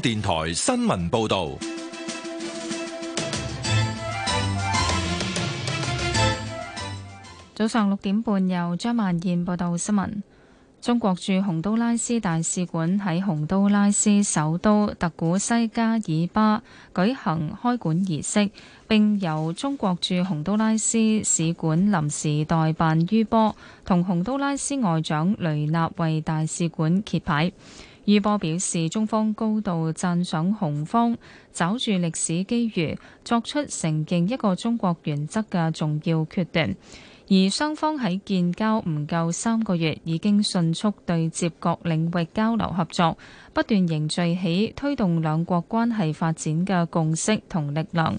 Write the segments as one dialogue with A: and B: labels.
A: 電台新聞報道：
B: 早上六點半，由張萬燕報道新聞。中國駐洪都拉斯大使館喺洪都拉斯首都特古西加爾巴舉行開館儀式，並由中國駐洪都拉斯使館臨時代辦于波同洪都拉斯外長雷納為大使館揭牌。伊波表示，中方高度讚賞紅方抓住歷史機遇，作出承認一個中國原則嘅重要決斷。而雙方喺建交唔夠三個月，已經迅速對接各領域交流合作，不斷凝聚起推動兩國關係發展嘅共識同力量。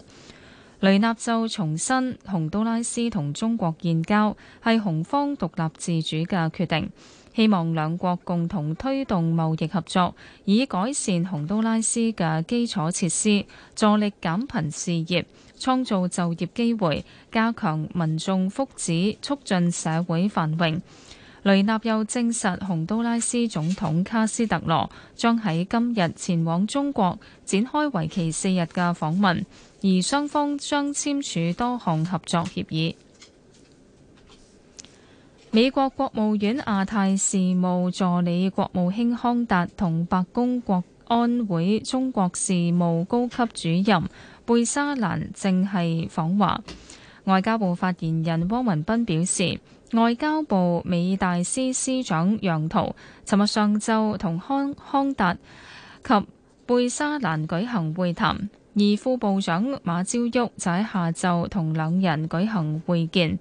B: 雷納就重申，洪都拉斯同中國建交係紅方獨立自主嘅決定。希望兩國共同推動貿易合作，以改善洪都拉斯嘅基礎設施，助力減貧事業，創造就業機會，加強民眾福祉，促進社會繁榮。雷納又證實，洪都拉斯總統卡斯特羅將喺今日前往中國，展開為期四日嘅訪問，而雙方將簽署多項合作協議。美國國務院亞太事務助理國務卿康達同白宮國安會中國事務高級主任貝沙蘭正係訪華。外交部發言人汪文斌表示，外交部美大司司長楊濤尋日上晝同康康達及貝沙蘭舉行會談，而副部長馬朝旭就喺下晝同兩人舉行會見。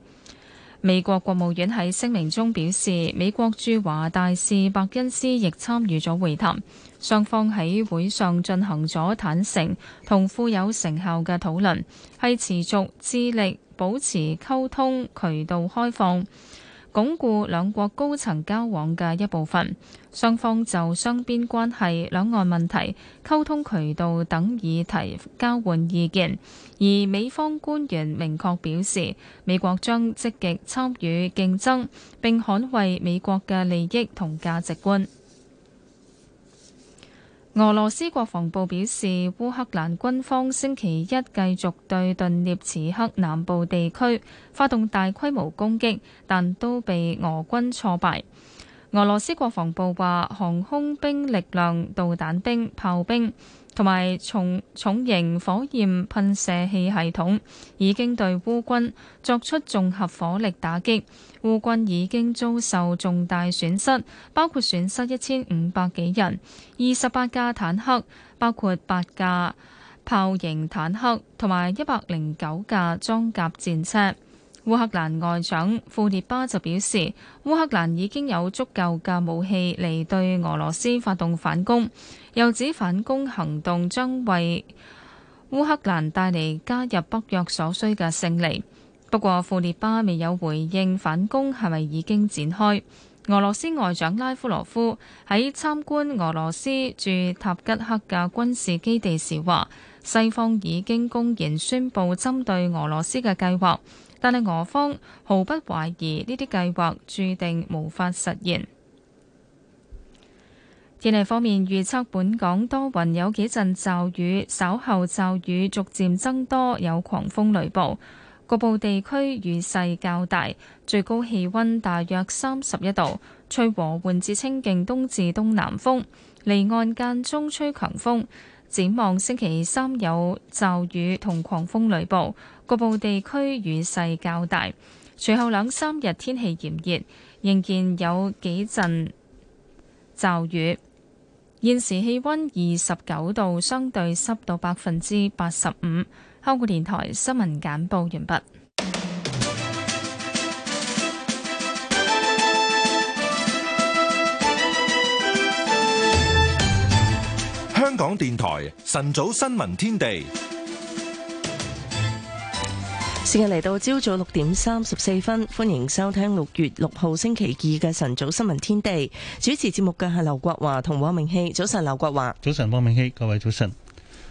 B: 美國國務院喺聲明中表示，美國駐華大使伯恩斯亦參與咗會談，雙方喺會上進行咗坦誠同富有成效嘅討論，係持續致力保持溝通渠道開放，鞏固兩國高層交往嘅一部分，雙方就雙邊關係、兩岸問題、溝通渠道等議題交換意見。而美方官員明確表示，美國將積極參與競爭，並捍衛美國嘅利益同價值觀。俄羅斯國防部表示，烏克蘭軍方星期一繼續對頓涅茨克南部地區發動大規模攻擊，但都被俄軍挫敗。俄羅斯國防部話，航空兵力量、導彈兵、炮兵同埋重重型火焰噴射器系統已經對烏軍作出綜合火力打擊，烏軍已經遭受重大損失，包括損失一千五百幾人、二十八架坦克，包括八架炮型坦克同埋一百零九架裝甲戰車。烏克蘭外長庫列巴就表示，烏克蘭已經有足夠嘅武器嚟對俄羅斯發動反攻，又指反攻行動將為烏克蘭帶嚟加入北約所需嘅勝利。不過，庫列巴未有回應反攻係咪已經展開。俄羅斯外長拉夫羅夫喺參觀俄羅斯駐塔吉克嘅軍事基地時話，西方已經公然宣布針對俄羅斯嘅計劃。但係，俄方毫不懷疑呢啲計劃注定無法實現。天氣方面預測，本港多雲，有幾陣驟雨，稍後驟雨逐漸增多，有狂風雷暴，局部地區雨勢較大，最高氣温大約三十一度，吹和緩至清勁東至東南風，離岸間中吹強風。展望星期三有驟雨同狂風雷暴。局部地區雨勢較大，隨後兩三日天氣炎熱，仍然有幾陣驟雨。現時氣温二十九度，相對濕度百分之八十五。香港電台新聞簡報完畢。
A: 香港電台晨早新聞天地。
C: 時間嚟到朝早六點三十四分，歡迎收聽六月六號星期二嘅晨早新聞天地。主持
D: 節目嘅係劉國華同汪明熙。早晨，劉國華。早晨，汪明熙。各位早晨。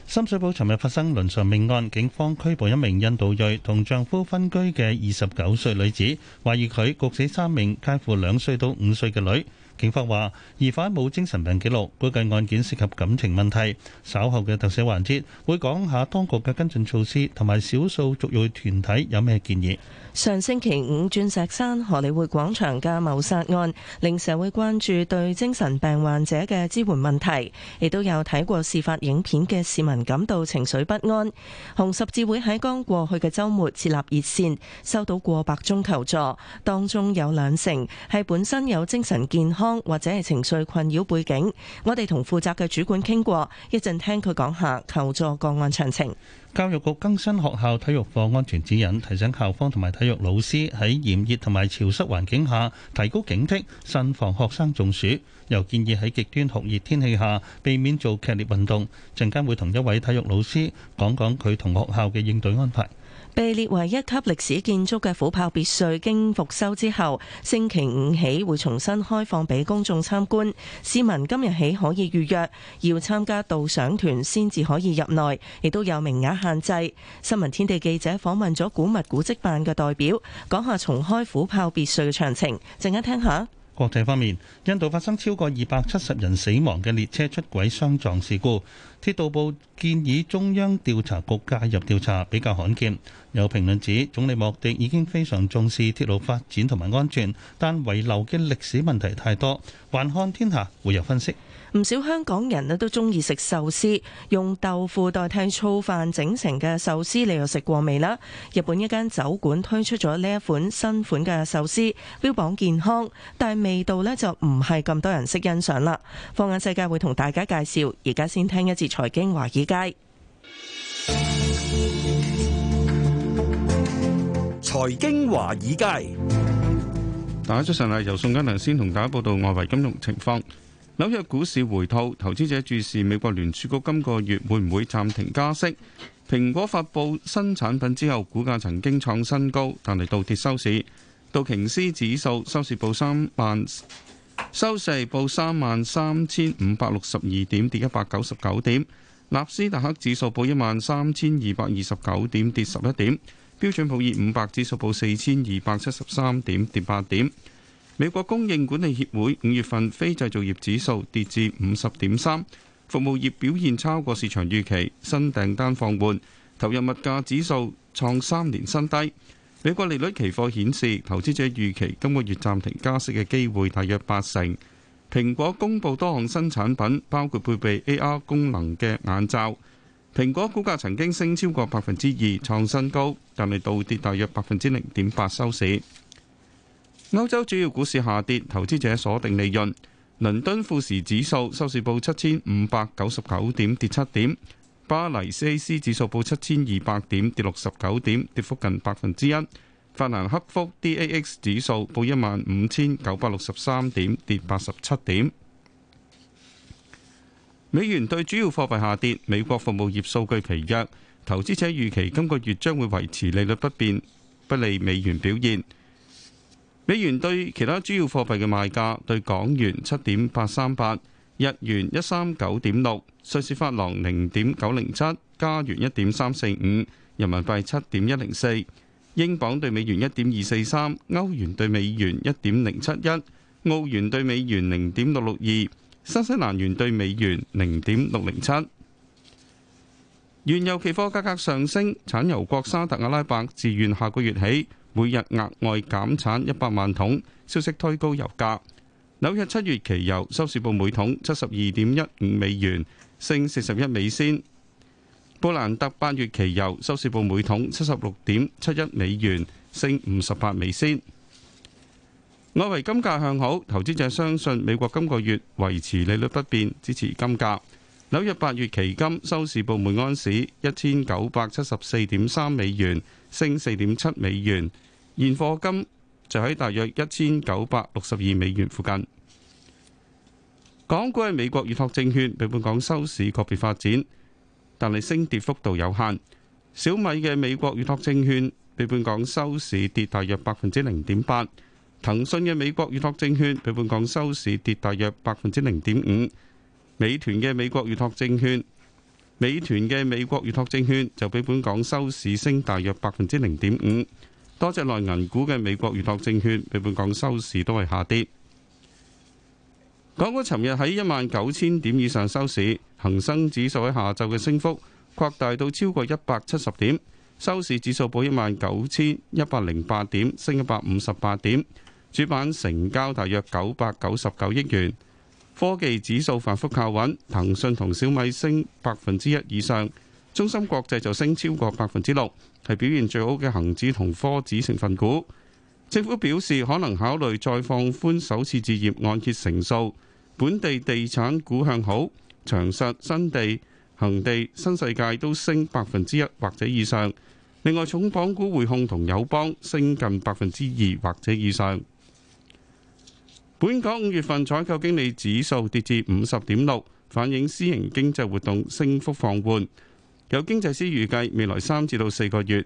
D: 深水埗尋日發生倫常命案，警方拘捕一名印度裔同丈夫分居嘅二十九歲女子，懷疑佢焗死三名介乎兩歲到五歲嘅女。警方話疑犯冇精神病記錄，估計案件涉及感情問題。稍後嘅特寫環節會講下當局嘅跟進措施同埋少數族裔團體有咩建議。上
C: 星期五，鑽石山荷里活廣場嘅謀殺案令社會關注對精神病患者嘅支援問題，亦都有睇過事發影片嘅市民感到情緒不安。紅十字會喺剛過去嘅周末設立熱線，收到過百宗求助，當中有兩成係本身有精神健康或者係情緒困擾背景。我哋同負責嘅主管傾過，一陣聽佢講下求助
D: 個案詳情。教育局更新學校體育課安全指引，提醒校方同埋體育老師喺炎熱同埋潮濕環境下提高警惕，慎防學生中暑。又建議喺極端酷熱天氣下避免做劇烈運動，陣間會同一位體育老師講講佢同學校嘅應對安排。
C: 被列為一級歷史建築嘅虎豹別墅，經復修之後，星期五起會重新開放俾公眾參觀。市民今日起可以預約，要參加導賞團先至可以入內，亦都有名額限制。新聞天地記者訪問咗古物古蹟辦嘅代表，
D: 講下重開虎豹別墅嘅詳情，陣間聽下。國際方面，印度發生超過二百七十人死亡嘅列車出軌相撞事故。鐵道部建議中央調查局介入調查比較罕見，有評論指總理莫迪已經非常重視鐵路發展同埋安全，但遺留嘅歷史問題太多。環看天下，會有分析。
C: 唔少香港人呢都中意食壽司，用豆腐代替醋飯整成嘅壽司，你又食過未啦？日本一間酒館推出咗呢一款新款嘅壽司，標榜健康，但味道呢就唔係咁多人識欣賞啦。放眼世界會同大家介紹，而家先聽一節財經華爾街。
E: 財經
A: 華
F: 爾街，大家早晨啊！由宋嘉良先同大家報道外圍金融情況。紐約股市回吐，投資者注視美國聯儲局今個月會唔會暫停加息。蘋果發布新產品之後，股價曾經創新高，但係倒跌收市。道瓊斯指數收市報三萬，收市報三萬三千五百六十二點，跌一百九十九點。納斯達克指數報一萬三千二百二十九點，跌十一點。標準普爾五百指數報四千二百七十三點，跌八點。美國供應管理協會五月份非製造業指數跌至五十點三，服務業表現超過市場預期，新訂單放緩，投入物價指數創三年新低。美國利率期貨顯示，投資者預期今個月暫停加息嘅機會大約八成。蘋果公布多項新產品，包括配備 AR 功能嘅眼罩。蘋果股價曾經升超過百分之二，創新高，但係倒跌大約百分之零點八收市。歐洲主要股市下跌，投資者鎖定利潤。倫敦富時指數收市報七千五百九十九點，跌七點；巴黎 CAC 指數報七千二百點，跌六十九點，跌幅近百分之一。法蘭克福 DAX 指數報一萬五千九百六十三點，跌八十七點。美元對主要貨幣下跌，美國服務業數據疲弱，投資者預期今個月將會維持利率不變，不利美元表現。美元對其他主要貨幣嘅賣價：對港元七點八三八，日元一三九點六，瑞士法郎零點九零七，加元一點三四五，人民幣七點一零四，英鎊對美元一點二四三，歐元對美元一點零七一，澳元對美元零點六六二，新西蘭元對美元零點六零七。原油期貨價格上升，產油國沙特阿拉伯自願下個月起，每日額外減產一百萬桶，消息推高油價。紐約七月期油收市報每桶七十二點一五美元，升四十一美仙。布蘭特八月期油收市報每桶七十六點七一美元，升五十八美仙。外圍金價向好，投資者相信美國今個月維持利率不變，支持金價。紐約八月期金收市報每安士一千九百七十四點三美元，升四點七美元。現貨金就喺大約一千九百六十二美元附近。港股嘅美國預託證券比本港收市個別發展，但係升跌幅度有限。小米嘅美國預託證券比本港收市跌大約百分之零點八。騰訊嘅美國預託證券比本港收市跌大約百分之零點五。美團嘅美國預託證券，美團嘅美國預託證券就比本港收市升大約百分之零點五。多隻內銀股嘅美國預託證券，比本港收市都係下跌。港股尋日喺一萬九千點以上收市，恒生指數喺下晝嘅升幅擴大到超過一百七十點，收市指數報一萬九千一百零八點，升一百五十八點。主板成交大約九百九十九億元。科技指數反覆靠穩，騰訊同小米升百分之一以上，中芯國際就升超過百分之六。係表現最好嘅恒指同科指成分股。政府表示可能考慮再放寬首次置業按揭成數。本地地產股向好，長實、新地、恒地、新世界都升百分之一或者以上。另外，重磅股匯控同友邦升近百分之二或者以上。本港五月份採購經理指數跌至五十點六，反映私營經濟活動升幅放緩。有經濟師預計未來三至到四個月，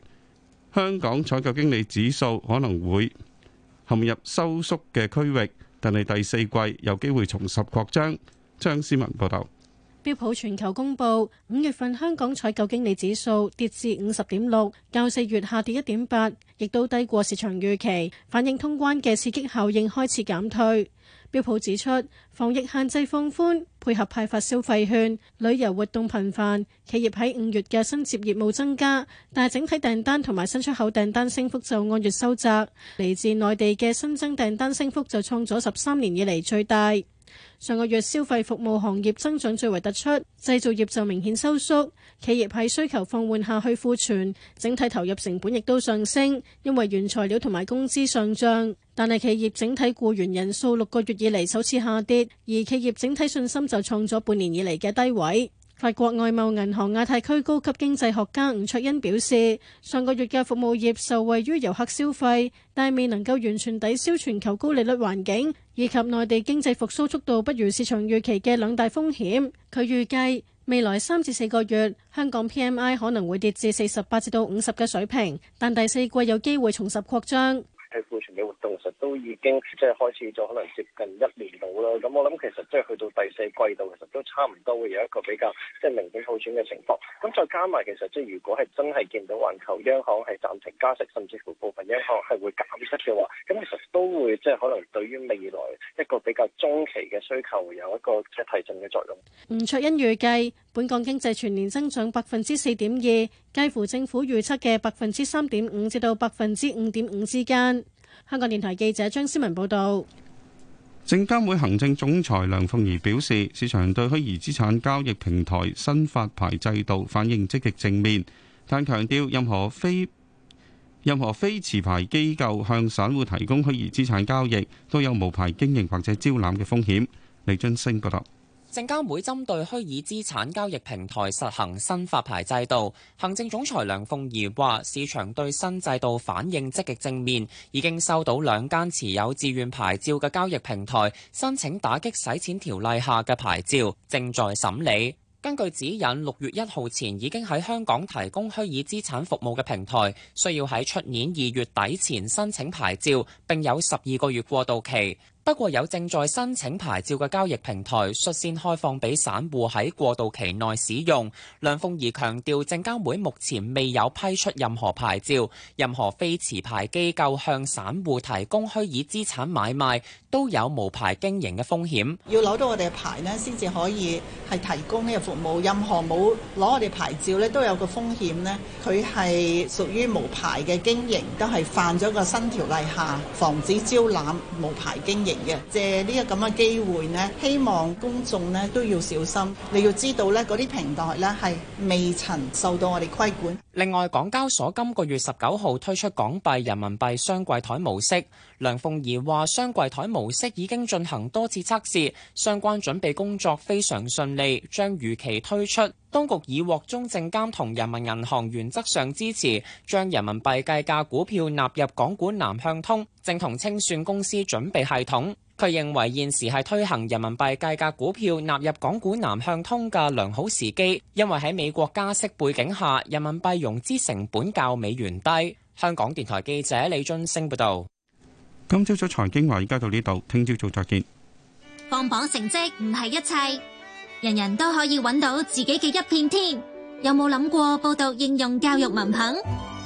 F: 香港採購經理指數可能會陷入收縮嘅區域，但係第四季有機會重拾擴張。張思文報道，
G: 標普全球公布五月份香港採購經理指數跌至五十點六，較四月下跌一點八，亦都低過市場預期，反映通關嘅刺激效應開始減退。標普指出，防疫限制放寬，配合派發消費券、旅遊活動頻繁，企業喺五月嘅新接業務增加，但係整體訂單同埋新出口訂單升幅就按月收窄。嚟自內地嘅新增訂單升幅就創咗十三年以嚟最大。上個月消費服務行業增長最為突出，製造業就明顯收縮。企業喺需求放緩下去庫存，整體投入成本亦都上升，因為原材料同埋工資上漲。但係企業整體僱員人數六個月以嚟首次下跌，而企業整體信心就創咗半年以嚟嘅低位。法國外貿銀行亞太區高級經濟學家吳卓恩表示，上個月嘅服務業受惠於遊客消費，但未能夠完全抵消全球高利率環境以及內地經濟復蘇速度不如市場預期嘅兩大風險。佢預計未來三至四個月香港 PMI 可能會跌至四十八至到五十嘅水平，但第四季有機會重拾擴張。
H: 去庫存嘅活動，其實都已經即係開始咗，可能接近一年度啦。咁我諗其實即係去到第四季度，其實都差唔多會有一個比較即係、就是、明顯好轉嘅情況，咁再加埋其實即係如果係真係見到環球央行係暫停加息，甚至乎部分央行係會減息嘅話，咁其實都會即係可能對於未來一個比較中期嘅需求，會有一個即係提振嘅作用。
G: 吳卓恩預計本港經濟全年增長百分之四點二。介乎政府預測嘅百分之三點五至到百分之五點五之間。香港電台記者張思文報道，
F: 證監會行政總裁梁鳳儀表示，市場對虛擬資產交易平台新發牌制度反應積極正面，但強調任何非任何非持牌機構向散戶提供虛擬資產交易都有無牌經營或者招攬嘅風險。李津星覺得。
I: 證監會針對虛擬資產交易平台實行新發牌制度，行政總裁梁鳳儀話市場對新制度反應積極正面，已經收到兩間持有自願牌照嘅交易平台申請打擊洗錢條例下嘅牌照正在審理。根據指引，六月一號前已經喺香港提供虛擬資產服務嘅平台，需要喺出年二月底前申請牌照，並有十二個月過渡期。不過有正在申請牌照嘅交易平台率先開放俾散戶喺過渡期內使用。梁鳳儀強調，證監會目前未有批出任何牌照，任何非持牌機構向散戶提供虛擬資產買賣都有無牌經營嘅風險。要攞到
J: 我哋牌咧，先至可以係提供呢個服務。任何冇攞我哋牌照咧，都有個風險咧。佢係屬於無牌嘅經營，都係犯咗個新條例下防止招攬無牌經營。借呢個咁嘅機會呢，希望公眾呢都要小心。你要知道呢嗰啲平台呢，係未曾受
I: 到我哋規管。另外，港交所今個月十九號推出港幣人民幣雙櫃台模式。梁鳳儀話雙櫃台模式已經進行多次測試，相關準備工作非常順利，將如期推出。當局已獲中證監同人民銀行原則上支持，將人民幣計價股票納入港股南向通正同清算公司準備系統。佢認為現時係推行人民幣計價股票納入港股南向通嘅良好時機，因為喺美國加息背景下，人民幣融資成本較美元低。香港電台記者李俊升報道：
F: 「今朝早財經話，依家到呢度，聽朝早再見。
I: 放榜成績
K: 唔係一切。人人都可以揾到自己嘅一片天，有冇諗過報讀應用教育文憑？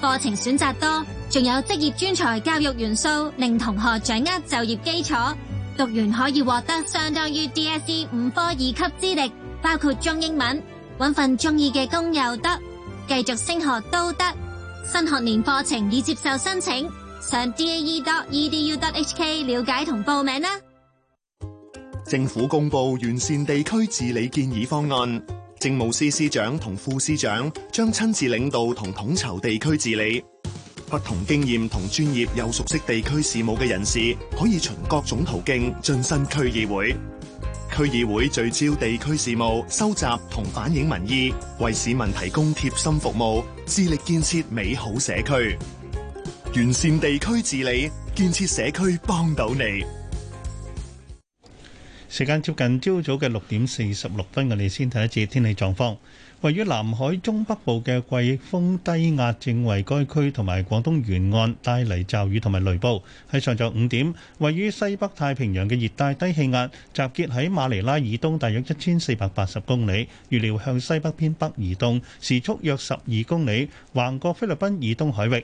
K: 課程選擇多，仲有職業專才教育元素，令同學掌握就業基礎。讀完可以獲得相當於 DSE 五科二級資歷，包括中英文，揾份中意嘅工又得，繼續升學都得。新學年課程已接受申請，上 dae.edu.hk 了解同報名啦。
L: 政府公布完善地區治理建議方案，政務司司長同副司長將親自領導同統籌地區治理。不同經驗同專業又熟悉地區事務嘅人士，可以循各種途徑晉身區議會。區議會聚焦地區事務，收集同反映民意，為市民提供貼心服務，致力建設美好社區。完善地區治理，建設社區，幫到你。時間接近
D: 朝早嘅六點四十六分，我哋先睇一次天氣狀況。位於南海中北部嘅季風低壓正為該區同埋廣東沿岸帶嚟驟雨同埋雷暴。喺上晝五點，位於西北太平洋嘅熱帶低氣壓集結喺馬尼拉以東，大約一千四百八十公里，預料向西北偏北移動，時速約十二公里，橫過菲律賓以東海域。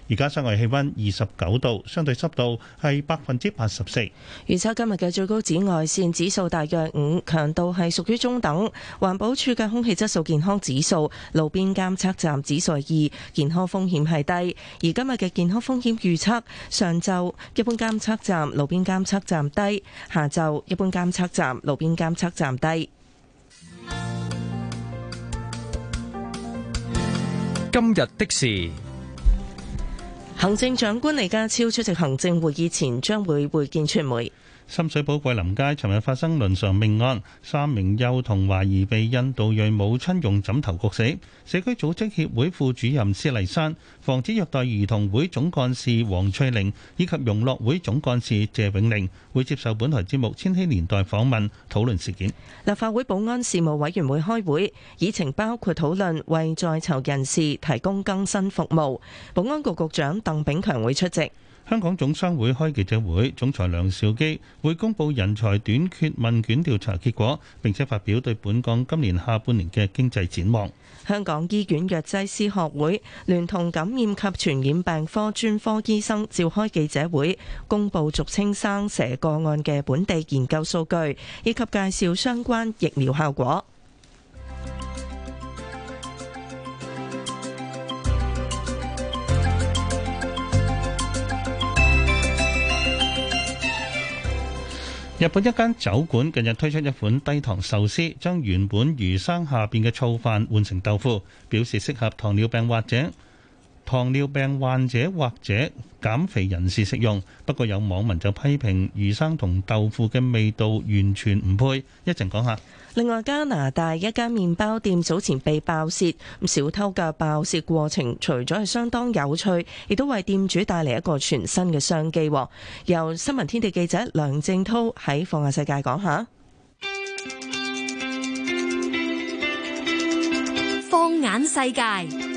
D: 而家室外氣溫二十九度，相對濕度係百分之八十四。
C: 預測今日嘅最高紫外綫指數大約五，強度係屬於中等。環保署嘅空氣質素健康指數，路邊監測站指數二，健康風險係低。而今日嘅健康風險預測，上晝一般監測站、路邊監測站低，下晝一般監測站、路邊監測站低。
E: 今日的事。行
D: 政長官李家超出席行政會議前，將會會見傳媒。深水埗桂林街尋日發生倫常命案，三名幼童懷疑被印度裔母親用枕頭焗死。社區組織協會副主任施麗珊、防止虐待兒童會總幹事黃翠玲以及融樂會總幹事謝永玲會接受本台節目《千禧年代》訪問，討論事件。
C: 立法會保安事務委員會開會，議程包括討論為在囚人士提供更新服務。保安局局長鄧炳強會出席。
D: 香港總商會開記者會，總裁梁兆基會公布人才短缺問卷調查結果，並且發表對本港今年下半年嘅經濟展望。
C: 香港醫院藥劑師學會聯同感染及傳染病科專科醫生召開記者會，公布俗稱生蛇個案嘅本地研究數據，以及介紹相關疫苗效果。
D: 日本一間酒館近日推出一款低糖壽司，將原本魚生下邊嘅醋飯換成豆腐，表示適合糖尿病患者，糖尿病患者或者減肥人士食用。不過有網民就批評魚生同豆腐嘅味道完全唔配，一陣講下。
C: 另外，加拿大一家麵包店早前被爆竊，咁小偷嘅爆竊過程，除咗係相當有趣，亦都為店主帶嚟一個全新嘅商機。由新聞天地記者梁正濤喺《放眼世界》講下，《放
M: 眼世界》下。放眼世界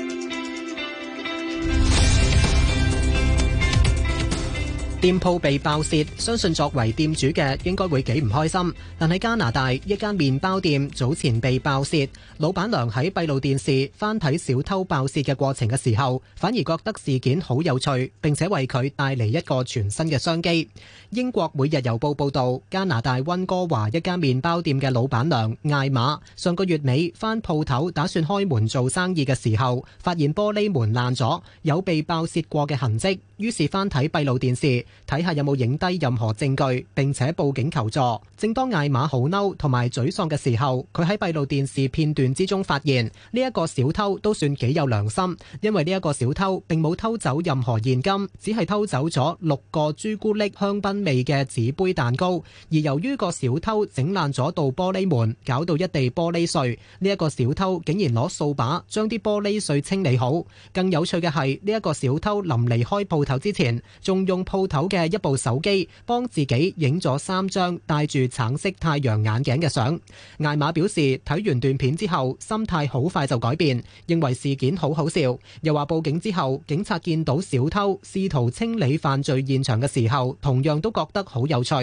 N: 店鋪被爆竊，相信作為店主嘅應該會幾唔開心。但喺加拿大，一間麵包店早前被爆竊，老闆娘喺閉路電視翻睇小偷爆竊嘅過程嘅時候，反而覺得事件好有趣，並且為佢帶嚟一個全新嘅商機。英國每日郵報報道，加拿大温哥華一間麵包店嘅老闆娘艾瑪上個月尾返鋪頭打算開門做生意嘅時候，發現玻璃門爛咗，有被爆竊過嘅痕跡，於是翻睇閉路電視睇下有冇影低任何證據，並且報警求助。正當艾瑪好嬲同埋沮喪嘅時候，佢喺閉路電視片段之中發現呢一個小偷都算幾有良心，因為呢一個小偷並冇偷走任何現金，只係偷走咗六個朱古力香檳味嘅紙杯蛋糕，而由於個小偷整爛咗道玻璃門，搞到一地玻璃碎。呢一個小偷竟然攞掃把將啲玻璃碎清理好。更有趣嘅係，呢一個小偷臨離開鋪頭之前，仲用鋪頭嘅一部手機幫自己影咗三張戴住橙色太陽眼鏡嘅相。艾瑪表示睇完段片之後，心態好快就改變，認為事件好好笑。又話報警之後，警察見到小偷試圖清理犯罪現場嘅時候，同樣。都覺得好有趣。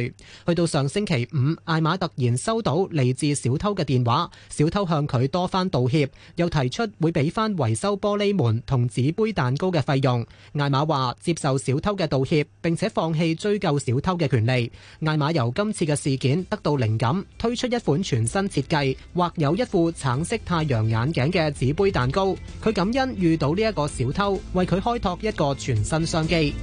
N: 去到上星期五，艾瑪突然收到嚟自小偷嘅電話，小偷向佢多番道歉，又提出會俾翻維修玻璃門同紙杯蛋糕嘅費用。艾瑪話接受小偷嘅道歉，並且放棄追究小偷嘅權利。艾瑪由今次嘅事件得到靈感，推出一款全新設計，或有一副橙色太陽眼鏡嘅紙杯蛋糕。佢感恩遇到呢一個小偷，為佢開拓一個全新商機。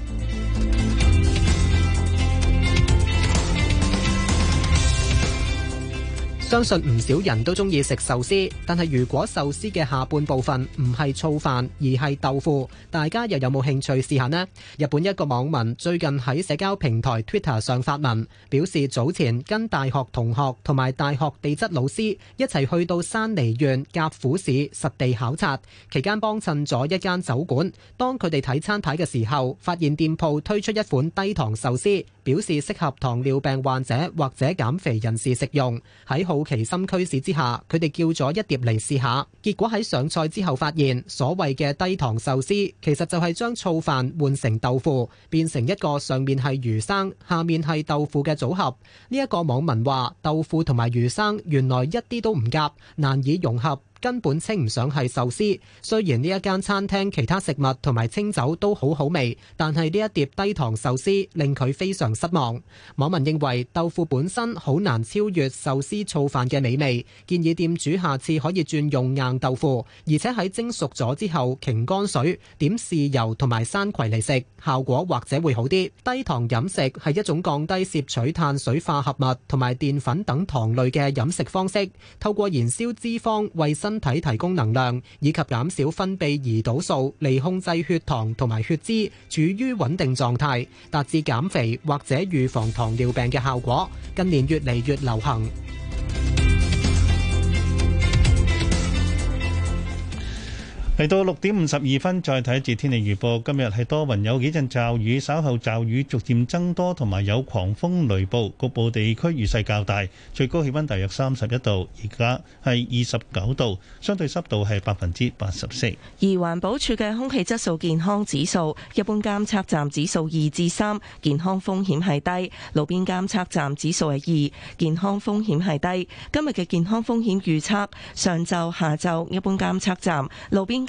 N: 相信唔少人都中意食壽司，但係如果壽司嘅下半部分唔係醋飯而係豆腐，大家又有冇興趣試下呢？日本一個網民最近喺社交平台 Twitter 上發文，表示早前跟大學同學同埋大學地質老師一齊去到山梨縣甲府市實地考察，期間幫襯咗一間酒館。當佢哋睇餐牌嘅時候，發現店鋪推出一款低糖壽司，表示適合糖尿病患者或者減肥人士食用。喺好好奇心驅使之下，佢哋叫咗一碟嚟試下，結果喺上菜之後發現，所謂嘅低糖壽司，其實就係將醋飯換成豆腐，變成一個上面係魚生、下面係豆腐嘅組合。呢一個網民話，豆腐同埋魚生原來一啲都唔夾，難以融合。根本稱唔上係壽司。雖然呢一間餐廳其他食物同埋清酒都好好味，但係呢一碟低糖壽司令佢非常失望。網民認為豆腐本身好難超越壽司醋飯嘅美味，建議店主下次可以轉用硬豆腐，而且喺蒸熟咗之後瀝乾水，點豉油同埋山葵嚟食，效果或者會好啲。低糖飲食係一種降低攝取碳水化合物同埋澱粉等糖類嘅飲食方式，透過燃燒脂肪為身。身體提供能量，以及減少分泌胰島素，嚟控制血糖同埋血脂，處於穩定狀態，達至減肥或者預防糖尿病嘅效果。近年越嚟越流行。嚟到六點五十二分，
D: 再睇一節天氣預報。今日係多雲，有幾陣驟雨，稍後驟雨逐漸增多，同埋有狂風雷暴，局部地區雨勢較大。最高氣溫大約三十一度，而家係二十九度，相對濕度係百分之八十四。
C: 而環保署嘅空氣質素健康指數，一般監測站指數二至三，健康風險係低；路邊監測站指數係二，健康風險係低。今日嘅健康風險預測，上晝、下晝一般監測站、路邊。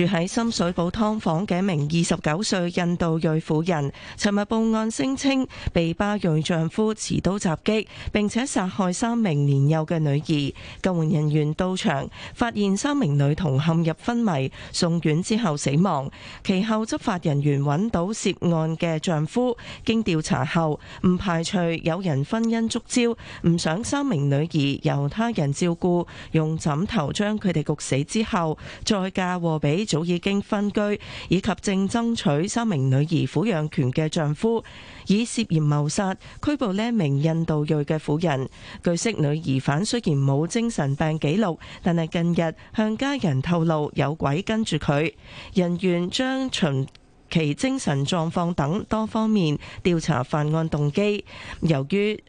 C: 住喺深水埗劏房嘅一名二十九歲印度裔婦人，尋日報案聲稱被巴裔丈夫持刀襲擊，並且殺害三名年幼嘅女兒。救援人員到場，發現三名女童陷入昏迷，送院之後死亡。其後執法人員揾到涉案嘅丈夫，經調查後唔排除有人婚姻觸礁，唔想三名女兒由他人照顧，用枕頭將佢哋焗死之後，再嫁禍俾，早已經分居，以及正爭取三名女兒撫養權嘅丈夫，以涉嫌謀殺拘捕呢名印度裔嘅婦人。據悉，女疑犯雖然冇精神病記錄，但係近日向家人透露有鬼跟住佢。人員將循其精神狀況等多方面調查犯案動機。由於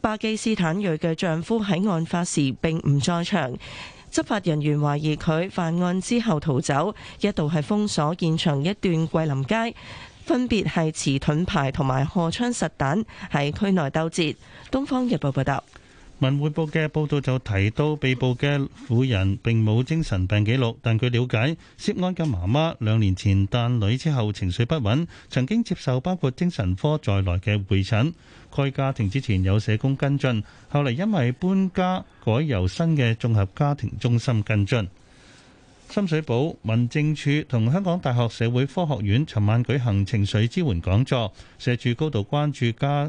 C: 巴基斯坦裔嘅丈夫喺案發時並唔在場。執法人員懷疑佢犯案之後逃走，一度係封鎖現場一段桂林街，分別係持盾牌同埋荷槍實彈，喺區內兜截。東方日報報道。
D: 文匯報嘅報道就提到，被捕嘅婦人並冇精神病記錄，但據了解，涉案嘅媽媽兩年前誕女之後情緒不穩，曾經接受包括精神科在內嘅會診。該家庭之前有社工跟進，後嚟因為搬家，改由新嘅綜合家庭中心跟進。深水埗民政處同香港大學社會科學院尋晚舉行情緒支援講座，社署高度關注家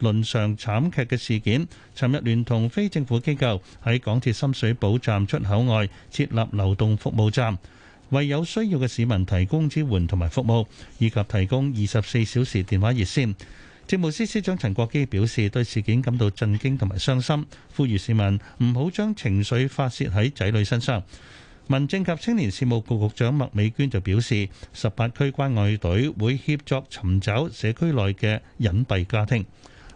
D: 論上慘劇嘅事件，尋日聯同非政府機構喺港鐵深水埗站出口外設立流動服務站，為有需要嘅市民提供支援同埋服務，以及提供二十四小時電話熱線。政務司司長陳國基表示對事件感到震驚同埋傷心，呼籲市民唔好將情緒發洩喺仔女身上。民政及青年事務局局長麥美娟就表示，十八區關愛隊會協助尋找社區內嘅隱蔽家庭。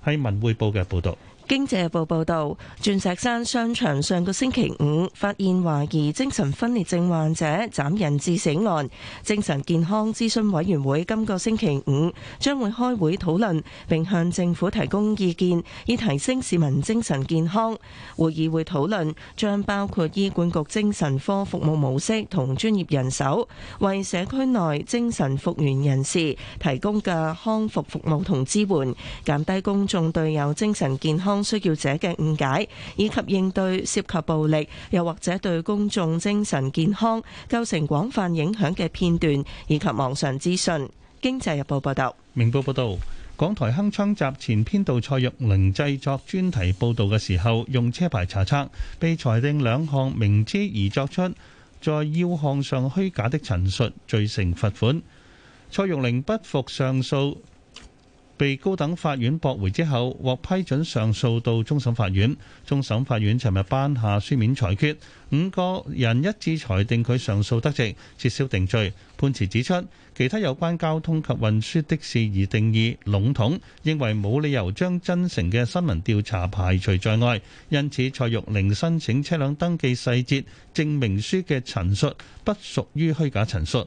D: 係《文匯報》嘅報道。
C: 《經濟日報》報道，鑽石山商場上個星期五發現懷疑精神分裂症患者斬人致死案。精神健康諮詢委員會今個星期五將會開會討論，並向政府提供意見，以提升市民精神健康。會議會討論將包括醫管局精神科服務模式同專業人手，為社區內精神復原人士提供嘅康復服務同支援，減低公眾對有精神健康，當需要者嘅誤解，以及應對涉及暴力，又或者對公眾精神健康構成廣泛影響嘅片段，以及網上資訊。經濟日報報道，
D: 明報報道，港台《鏗鏘集》前編導蔡玉玲製作專題報道嘅時候，用車牌查冊，被裁定兩項明知而作出在要項上虛假的陳述，罪成罰款。蔡玉玲不服上訴。被高等法院駁回之後獲批准上訴到終審法院。終審法院尋日頒下書面裁決，五個人一致裁定佢上訴得直，撤銷定罪。判詞指出，其他有關交通及運輸的事宜定義籠統，認為冇理由將真誠嘅新聞調查排除在外。因此，蔡玉玲申請車輛登記細節證明書嘅陳述不屬於虛假陳述。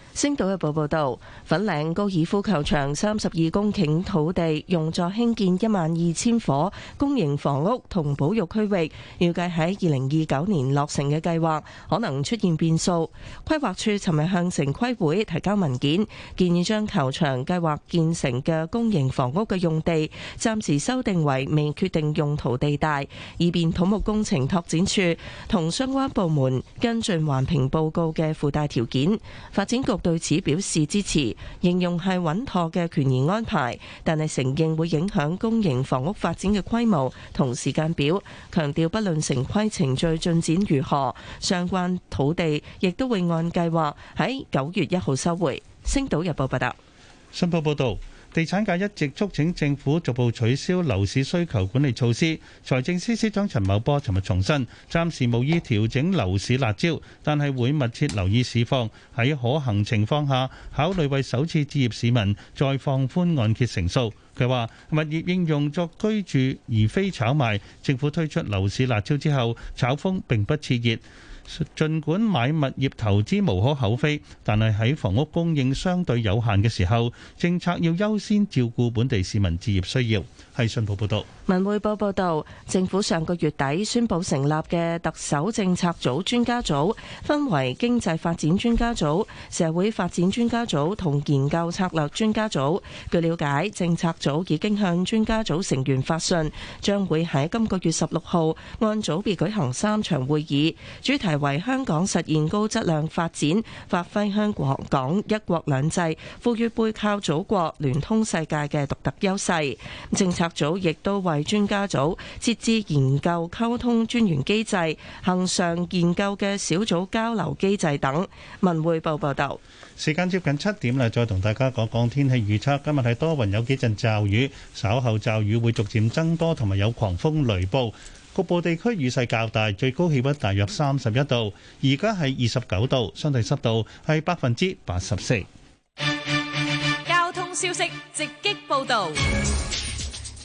C: 星島日報報道，粉嶺高爾夫球場三十二公頃土地用作興建一萬二千伙公營房屋同保育區域，預計喺二零二九年落成嘅計劃可能出現變數。規劃處尋日向城規會提交文件，建議將球場計劃建成嘅公營房屋嘅用地暫時修訂為未決定用途地帶，以便土木工程拓展處同相關部門跟進環評報告嘅附帶條件。發展局。對此表示支持，形容係穩妥嘅權宜安排，但係承認會影響公營房屋發展嘅規模同時間表。強調不論城規程序進展如何，相關土地亦都會按計劃喺九月一號收回。星島日報報道。
D: 新報報道。地產界一直促請政府逐步取消樓市需求管理措施。財政司司長陳茂波尋日重申，暫時無意調整樓市辣招，但係會密切留意市況，喺可行情況下考慮為首次置業市民再放寬按揭成數。佢話，物業應用作居住而非炒賣。政府推出樓市辣招之後，炒風並不熾熱。儘管買物業投資無可厚非，但係喺房屋供應相對有限嘅時候，政策要優先照顧本地市民置業需要。係信報報道。
C: 文匯報報道，政府上個月底宣布成立嘅特首政策組專家組，分為經濟發展專家組、社會發展專家組同研究策略專家組。據了解，政策組已經向專家組成員發信，將會喺今個月十六號按組別舉行三場會議，主題為香港實現高質量發展，發揮香港，港一國兩制、賦予背靠祖國、聯通世界嘅獨特優勢。政策組亦都為專家組設置研究溝通專員機制、恒常研究嘅小組交流機制
D: 等。文匯報報道，時間接近七點啦，再同大家講講天氣預測。今日係多雲，有幾陣驟雨，稍後驟雨會逐漸增多，同埋有狂風雷暴，局部地區雨勢較大。最高氣溫大約三十一度，而家係二十九度，相對濕度係百分之八十四。
M: 交通消息
J: 直擊報道。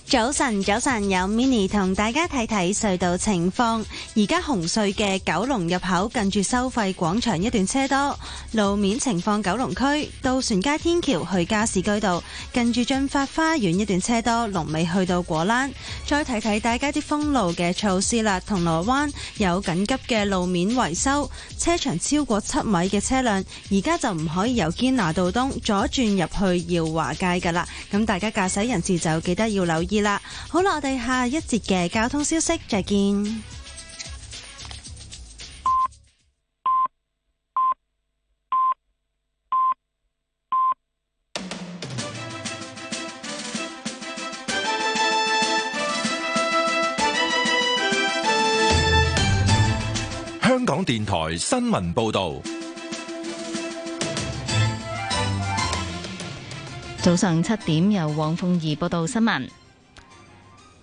O: 早晨，早晨，有 Mini 同大家睇睇隧道情況。而家紅隧嘅九龍入口近住收費廣場一段車多，路面情況。九龍區渡船街天橋去加士居道近住駿發花園一段車多，龍尾去到果欄。再睇睇大家啲封路嘅措施啦。銅鑼灣有緊急嘅路面維修，車長超過七米嘅車輛而家就唔可以由堅拿道東左轉入去耀華街噶啦。咁大家駕駛人士就記得要留意。啦，好啦，我哋下一節嘅交通消息再見。
A: 香港電台新聞報道，
K: 早上七點由黃鳳儀報道新聞。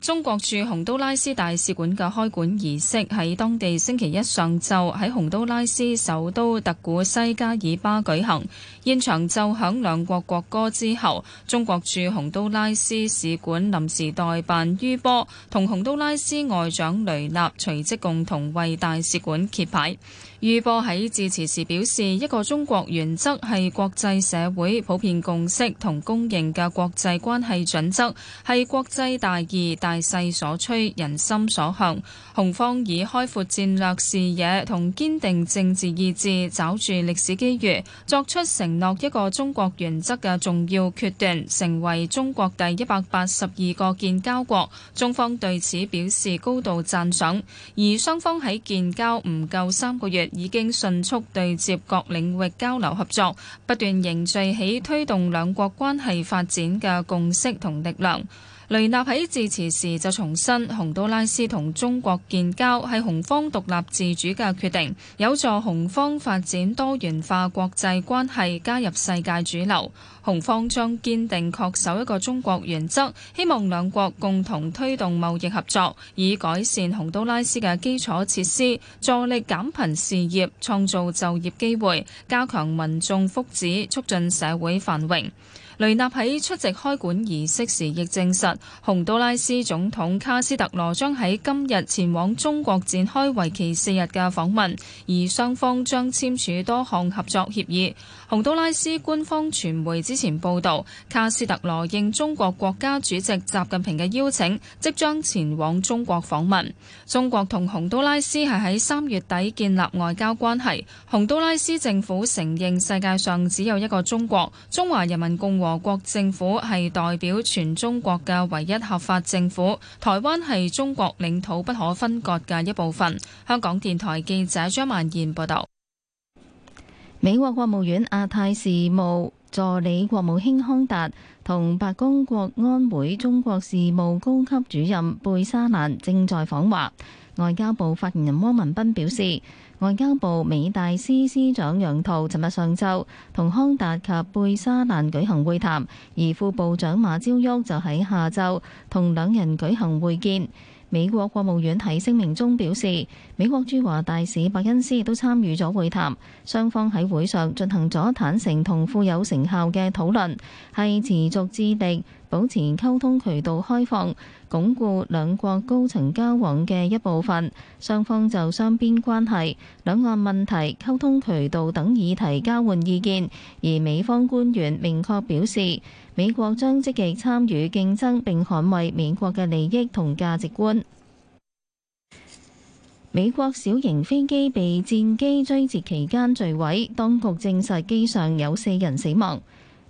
B: 中國駐洪都拉斯大使館嘅開館儀式喺當地星期一上晝喺洪都拉斯首都特古西加爾巴舉行，現場奏響兩國國歌之後，中國駐洪都拉斯使館臨時代辦于波同洪都拉斯外長雷納隨即共同為大使館揭牌。預報喺致辭時表示，一個中國原則係國際社會普遍共識同公認嘅國際關係準則，係國際大義大勢所趨、人心所向。紅方以開闊戰略視野同堅定政治意志，抓住歷史機遇，作出承諾一個中國原則嘅重要決斷，成為中國第一百八十二個建交國。中方對此表示高度讚賞，而雙方喺建交唔夠三個月，已經迅速對接各領域交流合作，不斷凝聚起推動兩國關係發展嘅共識同力量。雷納喺致辭時就重申，洪都拉斯同中國建交係洪方獨立自主嘅決定，有助洪方發展多元化國際關係，加入世界主流。洪方將堅定恪守一個中國原則，希望兩國共同推動貿易合作，以改善洪都拉斯嘅基礎設施，助力減貧事業，創造就業機會，加強民眾福祉，促進社會繁榮。雷納喺出席開館儀式時，亦證實，洪都拉斯總統卡斯特羅將喺今日前往中國展開為期四日嘅訪問，而雙方將簽署多項合作協議。洪都拉斯官方傳媒之前報導，卡斯特羅應中國國家主席習近平嘅邀請，即將前往中國訪問。中國同洪都拉斯係喺三月底建立外交關係。洪都拉斯政府承認世界上只有一個中國，中華人民共和和國政府係代表全中國嘅唯一合法政府，台灣係中國領土不可分割嘅一部分。香港電台記者張曼燕報道。
K: 美國國務院亞太事務助理國務卿康達同白宮國安會中國事務高級主任貝沙蘭正在訪華。外交部發言人汪文斌表示。外交部美大司司長楊濤尋日上晝同康達及貝沙蘭舉行會談，而副部長馬朝旭就喺下晝同兩人舉行會見，美國國務院喺聲明中表示，美國駐華大使伯恩斯亦都參與咗會談，雙方喺會上進行咗坦誠同富有成效嘅討論，係持續致力。保持溝通渠道開放，鞏固兩國高層交往嘅一部分。雙方就雙邊關係、兩岸問題、溝通渠道等議題交換意見。而美方官員明確表示，美國將積極參與競爭並捍衛美國嘅利益同價值觀。美國小型飛機被戰機追截期間墜毀，當局證實機上有四人死亡。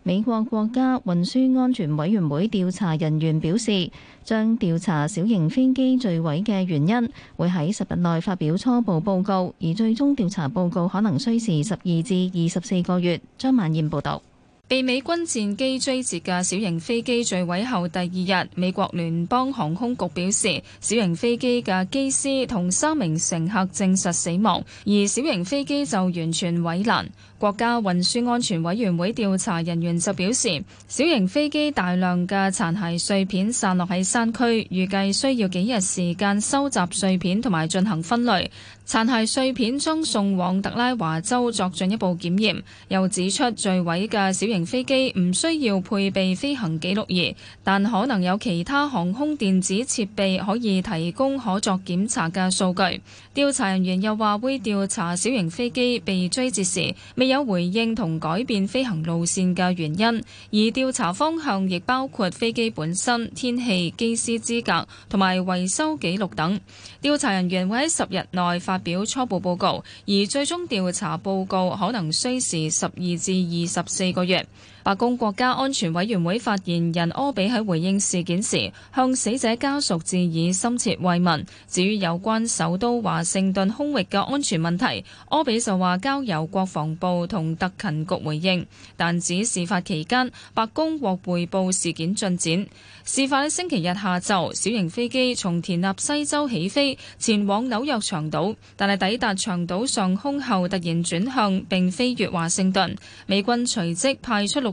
K: 美國國家運輸安全委員會調查人員表示，將調查小型飛機墜毀嘅原因，會喺十日內發表初步報告，而最終調查報告可能需時十二至二十四個月。張曼燕報導。
B: 被美軍戰機追截嘅小型飛機墜毀後第二日，美國聯邦航空局表示，小型飛機嘅機師同三名乘客證實死亡，而小型飛機就完全毀爛。國家運輸安全委員會調查人員就表示，小型飛機大量嘅殘骸碎片散落喺山區，預計需要幾日時間收集碎片同埋進行分類。殘骸碎片將送往特拉華州作進一步檢驗。又指出墜毀嘅小型飛機唔需要配備飛行記錄儀，但可能有其他航空電子設備可以提供可作檢查嘅數據。調查人員又話會調查小型飛機被追截時未有回應同改變飛行路線嘅原因，而調查方向亦包括飛機本身、天氣、機師資格同埋維修記錄等。調查人員會喺十日內發發表初步報告，而最終調查報告可能需時十二至二十四個月。白宮國家安全委員會發言人柯比喺回應事件時，向死者家屬致以深切慰問。至於有關首都華盛頓空域嘅安全問題，柯比就話交由國防部同特勤局回應。但指事發期間，白宮獲匯報事件進展。事發喺星期日下晝，小型飛機從田納西州起飛，前往紐約長島，但係抵達長島上空後突然轉向，並飛越華盛頓。美軍隨即派出六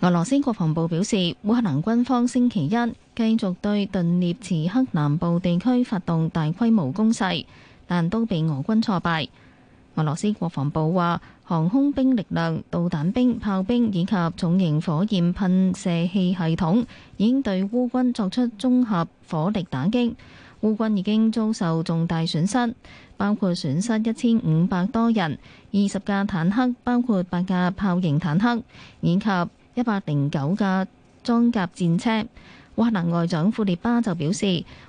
K: 俄羅斯國防部表示，烏克蘭軍方星期一繼續對頓涅茨克南部地區發動大規模攻勢，但都被俄軍挫敗。俄羅斯國防部話，航空兵力量、導彈兵、炮兵以及重型火焰噴射器系統已經對烏軍作出綜合火力打擊，烏軍已經遭受重大損失，包括損失一千五百多人、二十架坦克，包括八架炮型坦克，以及一百零九架裝甲戰車。烏克蘭外長庫列巴就表示，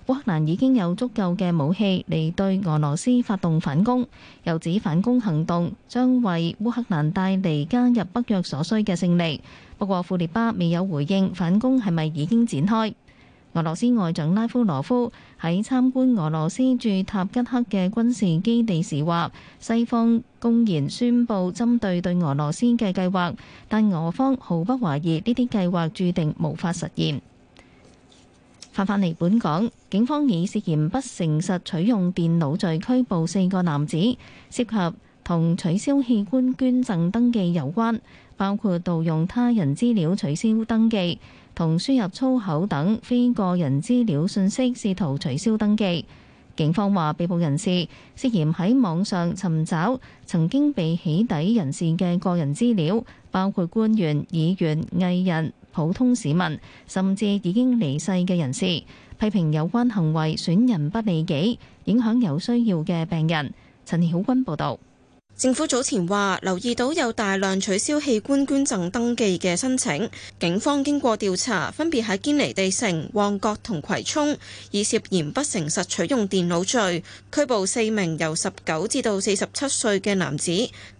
K: 烏克蘭已經有足夠嘅武器嚟對俄羅斯發動反攻，又指反攻行動將為烏克蘭帶嚟加入北約所需嘅勝利。不過庫列巴未有回應，反攻係咪已經展開。俄羅斯外長拉夫羅夫喺參觀俄羅斯駐塔吉克嘅軍事基地時話：西方公然宣佈針對對俄羅斯嘅計劃，但俄方毫不懷疑呢啲計劃注定無法實現。返返嚟本港，警方以涉嫌不誠實取用電腦罪拘捕四個男子，涉及同取消器官捐贈登記有關，包括盜用他人資料取消登記。同輸入粗口等非個人資料信息，試圖取消登記。警方話，被捕人士涉嫌喺網上尋找曾經被起底人士嘅個人資料，包括官員、議員、藝人、普通市民，甚至已經離世嘅人士。批評有關行為損人不利己，影響有需要嘅病人。陳曉君報道。
P: 政府早前話留意到有大量取消器官捐贈登記嘅申請，警方經過調查，分別喺堅尼地城、旺角同葵涌，以涉嫌不誠實取用電腦罪拘捕四名由十九至到四十七歲嘅男子，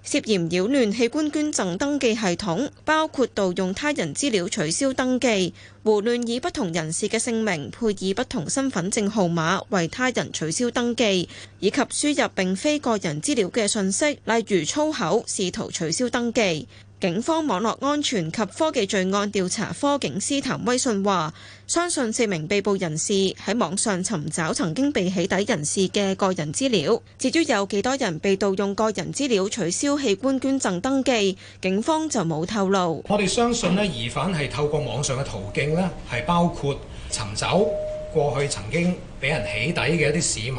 P: 涉嫌擾亂器官捐贈登記系統，包括盜用他人資料取消登記。胡亂以不同人士嘅姓名配以不同身份證號碼為他人取消登記，以及輸入並非個人資料嘅訊息，例如粗口，試圖取消登記。警方網絡安全及科技罪案調查科警司譚威信話，相信四名被捕人士喺網上尋找曾經被起底人士嘅個人資料。至於有幾多人被盜用個人資料取消器官捐贈登記，警方就冇透露。我哋相
E: 信咧，疑犯係透過網上嘅途徑咧，係包括尋找過去曾經俾人起底嘅一啲市民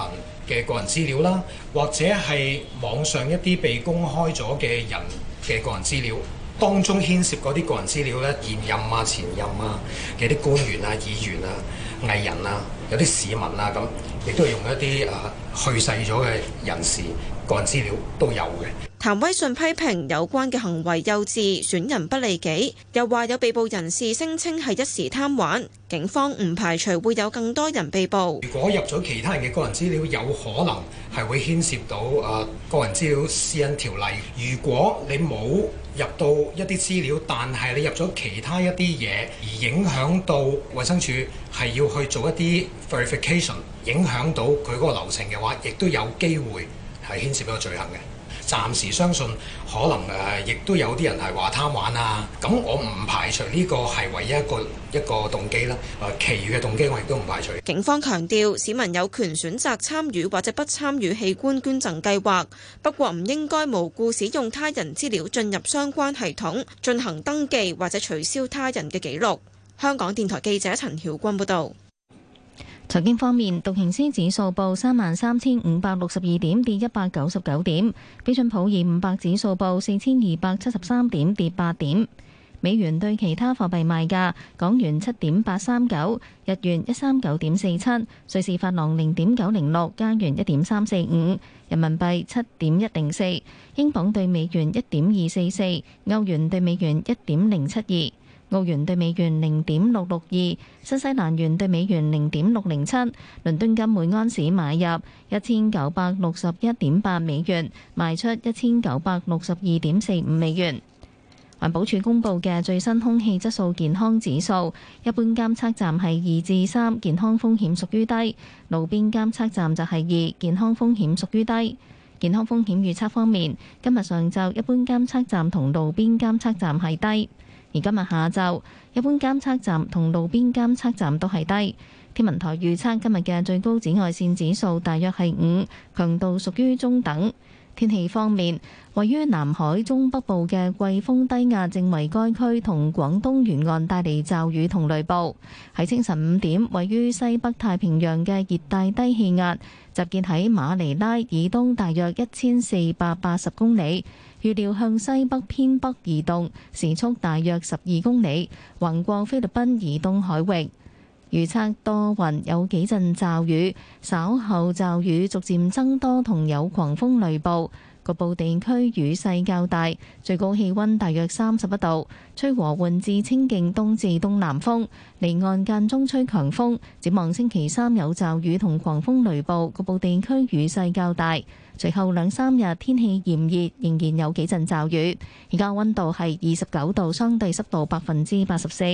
E: 嘅個人資料啦，或者係網上一啲被公開咗嘅人，嘅個人資料，當中牽涉嗰啲個人資料呢，現任啊、前任啊嘅啲官員啊、議員啊、藝人啊，有啲市民啊，咁亦都係用一啲啊去世咗嘅人士。個人資料都有嘅。
P: 譚威信批評有關嘅行為幼稚，損人不利己。又話有被捕人士聲稱係一時貪玩，警方唔排除會有更多人被捕。如
E: 果入咗其他人嘅個人資料，有可能係會牽涉到啊個人資料私隱條例。如果你冇入到一啲資料，但係你入咗其他一啲嘢而影響到衞生署係要去做一啲 verification，影響到佢個流程嘅話，亦都有機會。係牽涉一個罪行嘅，暫時相信可能誒，亦都有啲人係話貪玩啊。咁我唔排除呢個係唯一一個一個動機啦，誒，其餘嘅動機我亦都唔排除。
P: 警方強調，市民有權選擇參與或者不參與器官捐贈計劃，不過唔應該無故使用他人資料進入相關系統進行登記或者取消他人嘅記錄。香港電台記者陳曉君報道。
K: 財經方面，道瓊斯指數報三萬三千五百六十二點，跌一百九十九點。標準普爾五百指數報四千二百七十三點，跌八點。美元對其他貨幣賣價：港元七點八三九，日元一三九點四七，瑞士法郎零點九零六，加元一點三四五，人民幣七點一零四，英鎊對美元一點二四四，歐元對美元一點零七二。澳元對美元零點六六二，新西蘭元對美元零點六零七，倫敦金每安士買入一千九百六十一點八美元，賣出一千九百六十二點四五美元。環保署公佈嘅最新空氣質素健康指數，一般監測站係二至三，健康風險屬於低；路邊監測站就係二，健康風險屬於低。健康風險預測方面，今日上晝一般監測站同路邊監測站係低。而今日下晝，一般監測站同路邊監測站都係低。天文台預測今日嘅最高紫外線指數大約係五，強度屬於中等。天氣方面，位於南海中北部嘅季風低壓正為該區同廣東沿岸帶嚟驟雨同雷暴。喺清晨五點，位於西北太平洋嘅熱帶低氣壓集結喺馬尼拉以東大約一千四百八十公里。預料向西北偏北移動，時速大約十二公里，橫過菲律賓以東海域。預測多雲，有幾陣驟雨，稍後驟雨逐漸增多，同有狂風雷暴。局部地區雨勢較大，最高氣温大約三十一度，吹和緩至清勁東至東南風，離岸間中吹強風。展望星期三有驟雨同狂風雷暴，局部地區雨勢較大。隨後兩三日天氣炎熱，仍然有幾陣驟雨。而家溫度係二十九度，相對濕度百分之八十四。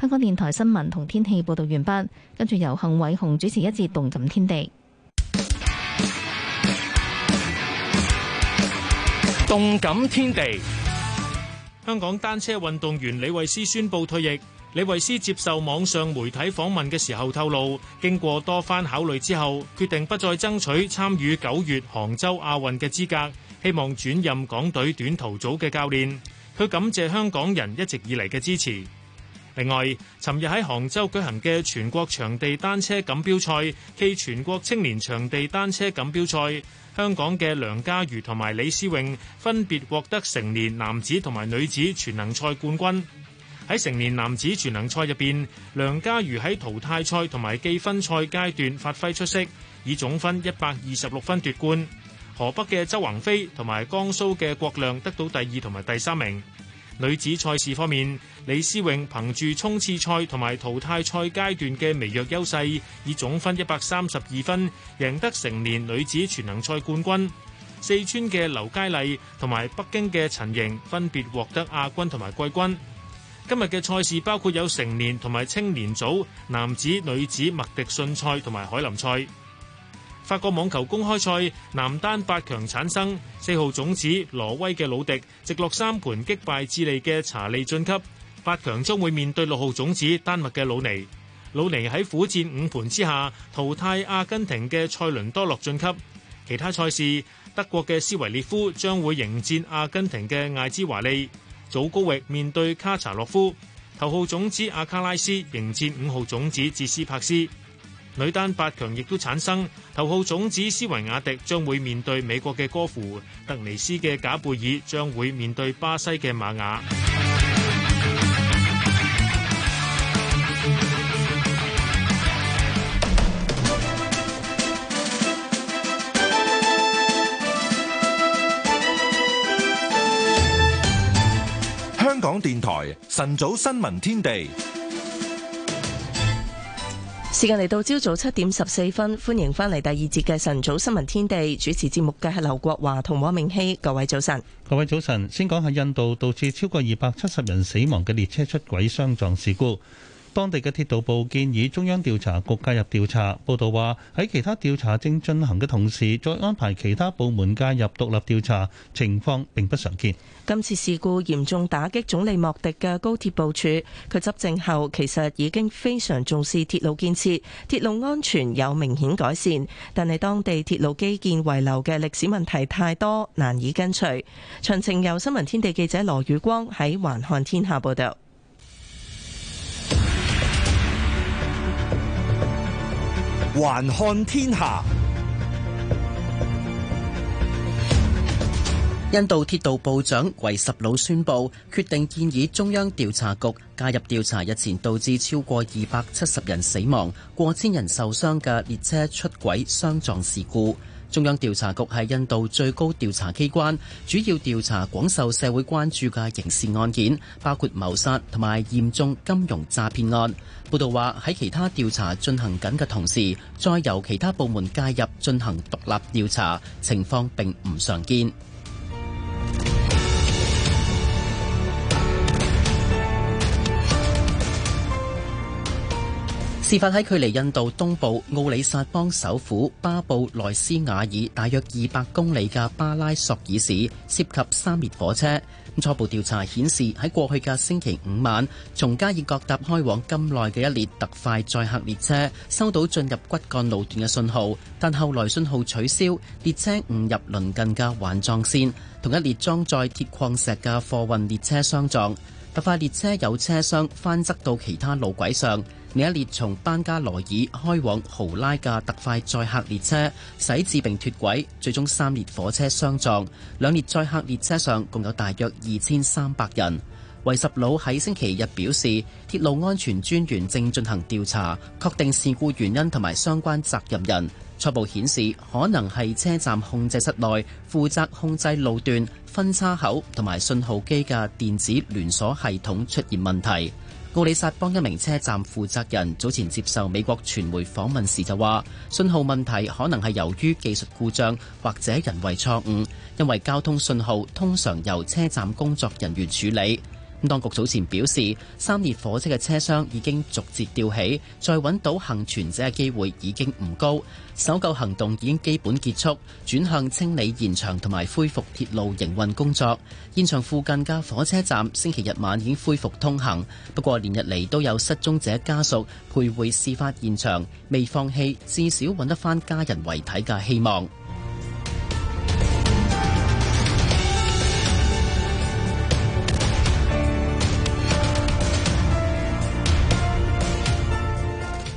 K: 香港電台新聞同天氣報道完畢，跟住由幸偉雄主持一節動感天地。
Q: 動感天
L: 地，天地香港單車運動員李慧詩宣布退役。李慧詩接受網上媒體訪問嘅時候透露，經過多番考慮之後，決定不再爭取參與九月杭州亞運嘅資格，希望轉任港隊短途組嘅教練。佢感謝香港人一直以嚟嘅支持。另外，尋日喺杭州舉行嘅全國場地單車錦標賽暨全國青年場地單車錦標賽，香港嘅梁家瑜同埋李思穎分別獲得成年男子同埋女子全能賽冠軍。喺成年男子全能賽入邊，梁家如喺淘汰賽同埋記分賽階段發揮出色，以總分一百二十六分奪冠。河北嘅周宏飛同埋江蘇嘅郭亮得到第二同埋第三名。女子賽事方面，李詩穎憑住衝刺賽同埋淘汰賽階段嘅微弱優勢，以總分一百三十二分贏得成年女子全能賽冠軍，四川嘅劉佳麗同埋北京嘅陳瑩分別獲得亞軍同埋季軍。今日嘅賽事包括有成年同埋青年組男子、女子麥迪遜賽同埋海林賽。法國網球公開賽男單八強產生，四號種子挪威嘅魯迪直落三盤擊敗智利嘅查利晉級，八強將會面對六號種子丹麥嘅魯尼。魯尼喺苦戰五盤之下淘汰阿根廷嘅塞倫多洛晉級。其他賽事，德國嘅斯維列夫將會迎戰阿根廷嘅艾茲華利。早高域面對卡查洛夫，頭號種子阿卡拉斯迎戰五號種子哲斯帕斯。女單八強亦都產生，頭號種子斯維亞迪將會面對美國嘅戈芙，特尼斯嘅賈貝爾將會面對巴西嘅瑪雅。
A: 香港電台晨早新聞天地，
C: 時間嚟到朝早七點十四分，歡迎翻嚟第二節嘅晨早新聞天地，主持節目嘅係劉國華同汪明熙。
D: 各位早晨，各位早晨。先講下印度導致超過二百七十人死亡嘅列車出軌相撞事故。當地嘅鐵道部建議中央調查局介入調查。報道話喺其他調查正進行嘅同時，再安排其他部門介入獨立調查，情況並不常見。
C: 今次事故嚴重打擊總理莫迪嘅高鐵部署，佢執政後其實已經非常重視鐵路建設，鐵路安全有明顯改善。但係當地鐵路基建遺留嘅歷史問題太多，難以跟隨。詳情由新聞天地記者羅宇光喺環看天下報道。
R: 環看天下，印度鐵道部長維十魯宣布，決定建議中央調查局加入調查日前導致超過二百七十人死亡、過千人受傷嘅列車出軌相撞事故。中央調查局係印度最高調查機關，主要調查廣受社會關注嘅刑事案件，包括謀殺同埋嚴重金融詐騙案。報道話喺其他調查進行緊嘅同時，再由其他部門介入進行獨立調查，情況並唔常見。事發喺距離印度東部奧里薩邦首府巴布內斯瓦爾大約二百公里嘅巴拉索爾市，涉及三列火車。初步調查顯示，喺過去嘅星期五晚，從加爾各答開往金奈嘅一列特快載客列車收到進入骨幹路段嘅信號，但後來信號取消，列車誤入鄰近嘅環狀綫，同一列裝載鐵礦石嘅貨運列車相撞。特快列車有車廂翻側到其他路軌上，另一列從班加羅爾開往豪拉嘅特快載客列車駛至並脱軌，最終三列火車相撞，兩列載客列車上共有大約二千三百人。維什魯喺星期日表示，鐵路安全專員正進行調查，確定事故原因同埋相關責任人。初步顯示，可能係車站控制室內負責控制路段分叉口同埋信號機嘅電子連鎖系統出現問題。奧里薩邦一名車站負責人早前接受美國傳媒訪問時就話，信號問題可能係由於技術故障或者人為錯誤，因為交通信號通常由車站工作人員處理。當局早前表示，三列火車嘅車廂已經逐節吊起，再揾到幸存者嘅機會已經唔高。搜救行動已經基本結束，轉向清理現場同埋恢復鐵路營運工作。現場附近嘅火車站星期日晚已經恢復通行，不過連日嚟都有失蹤者家屬徘徊事發現場，未放棄至少揾得翻家人遺體嘅希望。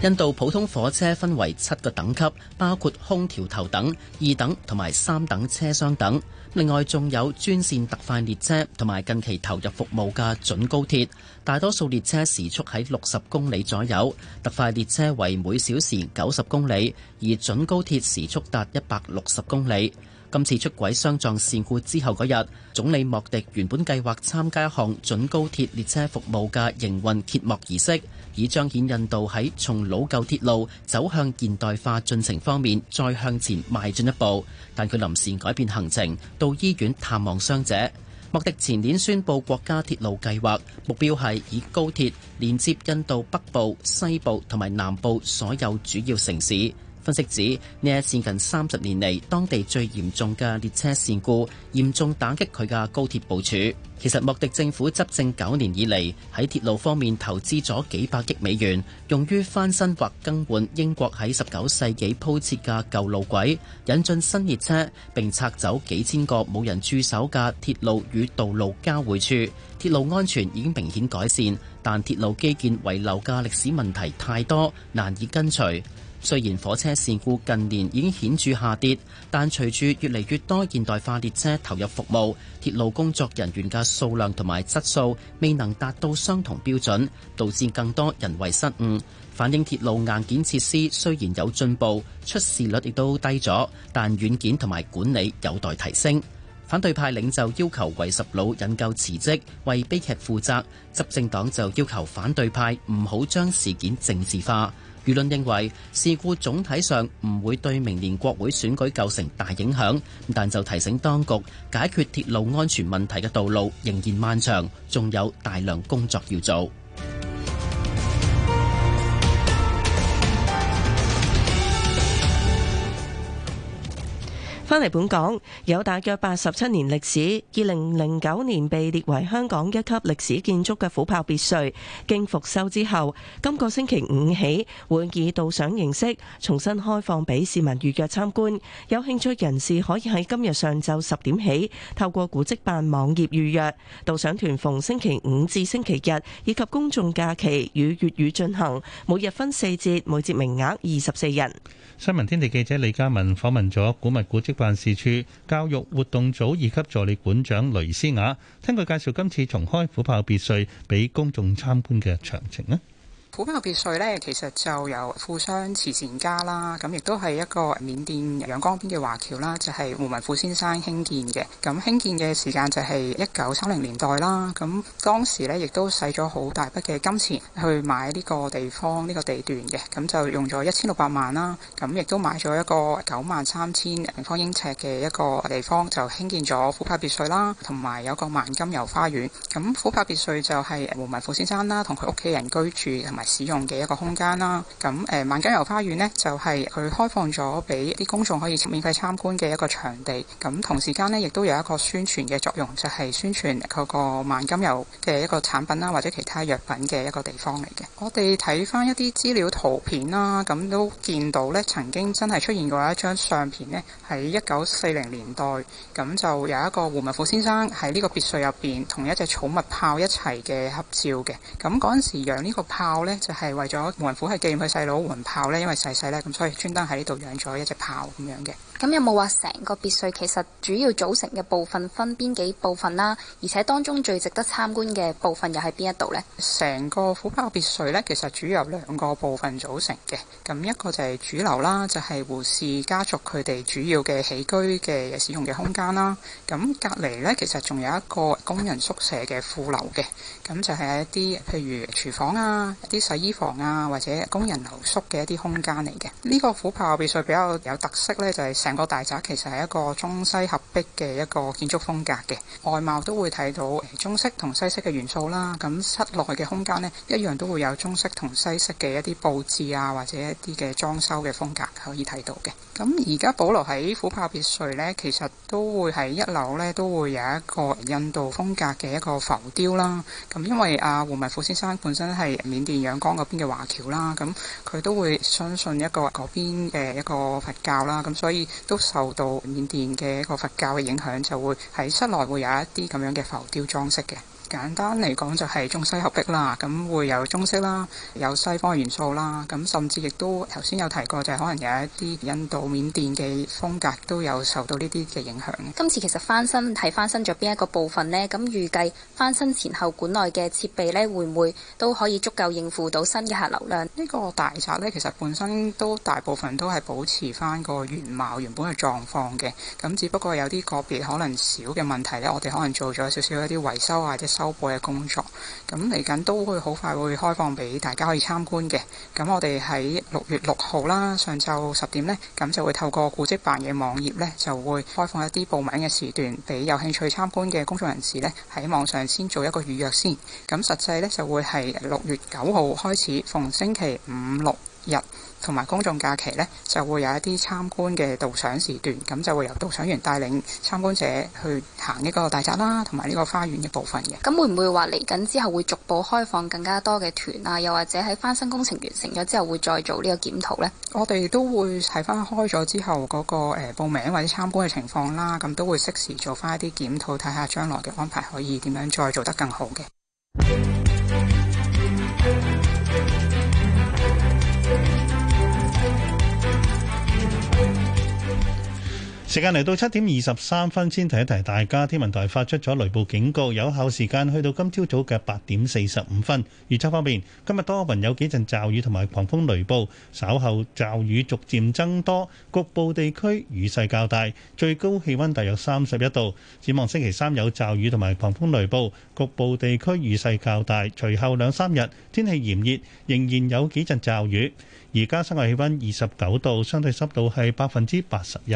R: 印度普通火車分為七個等級，包括空調頭等、二等同埋三等車廂等。另外仲有專線特快列車同埋近期投入服務嘅準高鐵。大多數列車時速喺六十公里左右，特快列車為每小時九十公里，而準高鐵時速達一百六十公里。今次出軌相撞事故之後嗰日，總理莫迪原本計劃參加一項準高鐵列車服務嘅營運揭幕儀式，以彰顯印度喺從老舊鐵路走向現代化進程方面再向前邁進一步。但佢臨時改變行程，到醫院探望傷者。莫迪前年宣布國家鐵路計劃，目標係以高鐵連接印度北部、西部同埋南部所有主要城市。分析指呢一次近三十年嚟，當地最嚴重嘅列車事故，嚴重打擊佢嘅高鐵部署。其實莫迪政府執政九年以嚟，喺鐵路方面投資咗幾百億美元，用於翻新或更換英國喺十九世紀鋪設嘅舊路軌，引進新列車，並拆走幾千個冇人駐守嘅鐵路與道路交匯處，鐵路安全已經明顯改善，但鐵路基建遺留嘅歷史問題太多，難以跟隨。雖然火車事故近年已經顯著下跌，但隨住越嚟越多現代化列車投入服務，鐵路工作人員嘅數量同埋質素未能達到相同標準，導致更多人為失誤。反映鐵路硬件設施雖然有進步，出事率亦都低咗，但軟件同埋管理有待提升。反對派領袖要求維十佬引咎辭職，為悲劇負責；執政黨就要求反對派唔好將事件政治化。輿論認為，事故總體上唔會對明年國會選舉構成大影響，但就提醒當局，解決鐵路安全問題嘅道路仍然漫長，仲有大量工作要做。
C: 返嚟本港，有大約八十七年歷史，二零零九年被列為香港一級歷史建築嘅虎豹別墅，經復修之後，今個星期五起會以導賞形式重新開放俾市民預約參觀。有興趣人士可以喺今日上晝十點起透過古蹟辦網頁預約。導賞團逢星期五至星期日以及公眾假期與粵語進行，每日分四節，每節名額二十四人。
D: 新聞天地記者李嘉文訪問咗古物古蹟辦事處教育活動組二級助理館長雷思雅，聽佢介紹今次重開虎豹別墅俾公眾參觀嘅詳情咧。
Q: 虎豹別墅咧，其實就由富商慈善家啦，咁亦都係一個緬甸仰光邊嘅華僑啦，就係、是、胡文富先生興建嘅。咁興建嘅時間就係一九三零年代啦。咁當時咧，亦都使咗好大筆嘅金錢去買呢個地方呢、這個地段嘅。咁就用咗一千六百萬啦。咁亦都買咗一個九萬三千平方英尺嘅一個地方，就興建咗虎豹別墅啦，同埋有個萬金油花園。咁虎豹別墅就係胡文富先生啦，同佢屋企人居住，同埋使用嘅一個空間啦，咁誒、呃、萬金油花園咧就係、是、佢開放咗俾啲公眾可以免費參觀嘅一個場地，咁同時間咧亦都有一個宣傳嘅作用，就係、是、宣傳嗰個萬金油嘅一個產品啦，或者其他藥品嘅一個地方嚟嘅。我哋睇翻一啲資料圖片啦，咁都見到咧曾經真係出現過一張相片咧，喺一九四零年代，咁就有一個胡文虎先生喺呢個別墅入邊同一隻寵物豹一齊嘅合照嘅。咁嗰陣時養呢個豹咧。就係為咗文虎係紀念佢細佬文豹咧，因為細細咧咁，所以專登喺呢度養咗一隻豹咁樣嘅。
B: 咁有冇話成個別墅其實主要組成嘅部分分邊幾部分啦，啊？而且當中最值得參觀嘅部分又係邊一度呢？
Q: 成個虎豹別墅呢，其實主要有兩個部分組成嘅。咁一個就係主樓啦，就係胡氏家族佢哋主要嘅起居嘅使用嘅空間啦。咁隔籬呢，其實仲有一個工人宿舍嘅副樓嘅。咁就係一啲譬如廚房啊，啲洗衣房啊，或者工人留宿嘅一啲空間嚟嘅。呢、這個虎豹別墅比較有特色呢，就係、是。成個大宅其實係一個中西合璧嘅一個建築風格嘅外貌，都會睇到中式同西式嘅元素啦。咁室內嘅空間呢，一樣都會有中式同西式嘅一啲佈置啊，或者一啲嘅裝修嘅風格可以睇到嘅。咁而家保留喺虎豹別墅呢，其實都會喺一樓呢，都會有一個印度風格嘅一個浮雕啦。咁因為阿、啊、胡文虎先生本身係緬甸仰光嗰邊嘅華僑啦，咁佢都會相信一個嗰邊嘅一個佛教啦，咁所以。都受到緬甸嘅一個佛教嘅影響，就會喺室內會有一啲咁樣嘅浮雕裝飾嘅。簡單嚟講就係中西合璧啦，咁會有中式啦，有西方元素啦，咁甚至亦都頭先有提過，就係可能有一啲印度、緬甸嘅風格都有受到呢啲嘅影響。今次其實翻新
B: 係翻新咗邊一個部分呢？咁預計翻新前後館內嘅設備呢，會唔會都
Q: 可以足夠應付
B: 到新嘅客流量？
Q: 呢個大宅呢，其實本身都大部分都係保持翻個原貌、原本嘅狀況嘅，咁只不過有啲個別可能少嘅問題呢，我哋可能做咗少少一啲維修或初步嘅工作，咁嚟緊都會好快會開放俾大家可以參觀嘅。咁我哋喺六月六號啦，上晝十點呢，咁就會透過古蹟辦嘅網頁呢，就會開放一啲報名嘅時段，俾有興趣參觀嘅公眾人士呢。喺網上先做一個預約先。咁實際呢，就會係六月九號開始，逢星期五六日。同埋公眾假期呢，就會有一啲參觀嘅導賞時段，咁就會由導賞員帶領參觀者去行呢個大宅啦，同埋呢個花園嘅部分嘅。
B: 咁會唔會話嚟緊之後會逐步開放更加多嘅團啊，又或者喺翻新工程完成咗之後，會再做呢個檢討呢？
Q: 我哋都會睇翻開咗之後嗰、那個誒、呃、報名或者參觀嘅情況啦，咁都會適時做翻一啲檢討，睇下將來嘅安排可以點樣再做得更好嘅。
D: 時間嚟到七點二十三分，先提一提大家。天文台發出咗雷暴警告，有效時間去到今朝早嘅八點四十五分。預測方面，今日多雲，有幾陣驟雨同埋狂風雷暴，稍後驟雨逐漸增多，局部地區雨勢較大，最高氣溫大約三十一度。展望星期三有驟雨同埋狂風雷暴，局部地區雨勢較大。隨後兩三日天氣炎熱，仍然有幾陣驟雨。而家室外氣温二十九度，相對濕度係百分之八十一。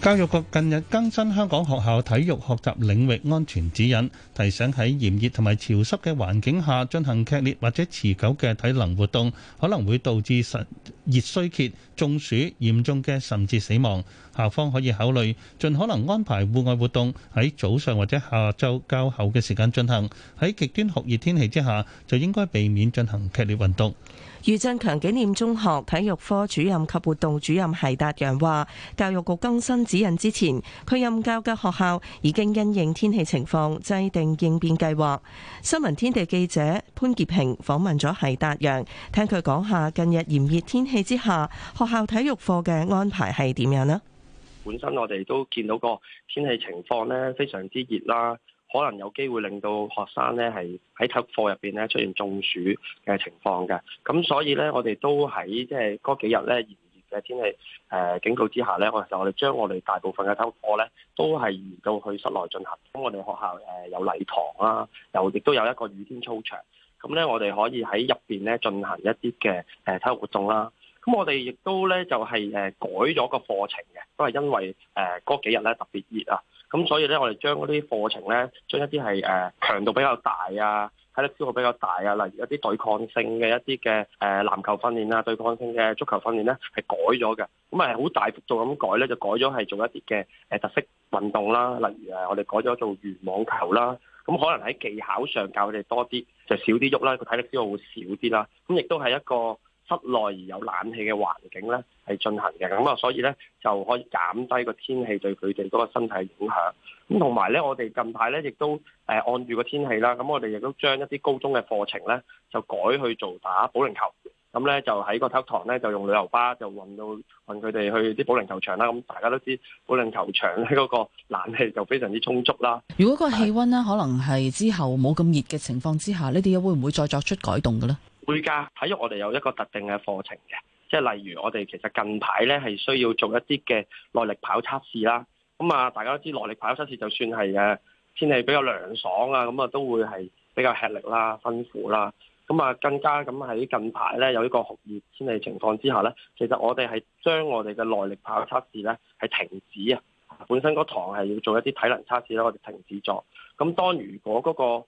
D: 教育局近日更新香港學校體育學習領域安全指引，提醒喺炎熱同埋潮濕嘅環境下進行劇烈或者持久嘅體能活動，可能會導致熱衰竭、中暑、嚴重嘅甚至死亡。校方可以考慮盡可能安排戶外活動喺早上或者下晝較後嘅時間進行；喺極端酷熱天氣之下，就應該避免進行劇烈運動。
C: 余振強紀念中學體育科主任及活動主任系達洋話，教育局更新指引之前，佢任教嘅學校已經因應天氣情況制定應變計劃。新聞天地記者潘潔平訪問咗系達洋，聽佢講下近日炎熱天氣之下，學校體育課嘅安排係點樣呢？
H: 本身我哋都見到個天氣情況呢，非常之熱啦。可能有機會令到學生咧係喺體育課入邊咧出現中暑嘅情況嘅，咁所以咧我哋都喺即係嗰幾日咧炎熱嘅天氣誒、呃、警告之下咧，我其實我哋將我哋大部分嘅體育課咧都係移到去室內進行。咁我哋學校誒有禮堂啦、啊，又亦都有一個雨天操場。咁咧我哋可以喺入邊咧進行一啲嘅誒體育活動啦、啊。咁我哋亦都咧就係、是、誒改咗個課程嘅，都係因為誒嗰、呃、幾日咧特別熱啊。咁所以咧，我哋將嗰啲課程咧，將一啲係誒強度比較大啊，體力消耗比較大啊，例如一啲對抗性嘅一啲嘅誒籃球訓練啊，對抗性嘅足球訓練咧，係改咗嘅。咁係好大幅度咁改咧，就改咗係做一啲嘅誒特色運動啦。例如誒，我哋改咗做圓網球啦。咁可能喺技巧上教佢哋多啲，就少啲喐啦，個體力消耗會少啲啦。咁亦都係一個。室內而有冷氣嘅環境咧，係進行嘅，咁啊，所以咧就可以減低個天氣對佢哋嗰個身體影響。咁同埋咧，我哋近排咧亦都誒按住個天氣啦，咁我哋亦都將一啲高中嘅課程咧就改去做打保齡球。咁咧就喺個體育堂咧就用旅遊巴就運到運佢哋去啲保齡球場啦。咁大家都知保齡球場咧嗰個冷氣就非常之充足啦。
J: 如果個氣溫咧可能係之後冇咁熱嘅情況之下，你哋會唔會再作出改動嘅咧？
H: 會教體育，我哋有一個特定嘅課程嘅，即係例如我哋其實近排咧係需要做一啲嘅耐力跑測試啦。咁啊，大家都知耐力跑測試就算係誒天氣比較涼爽啊，咁啊都會係比較吃力啦，辛苦啦。咁啊，更加咁喺近排咧有呢個酷熱天氣情況之下咧，其實我哋係將我哋嘅耐力跑測試咧係停止啊。本身嗰堂係要做一啲體能測試啦，我哋停止咗。咁當如果嗰個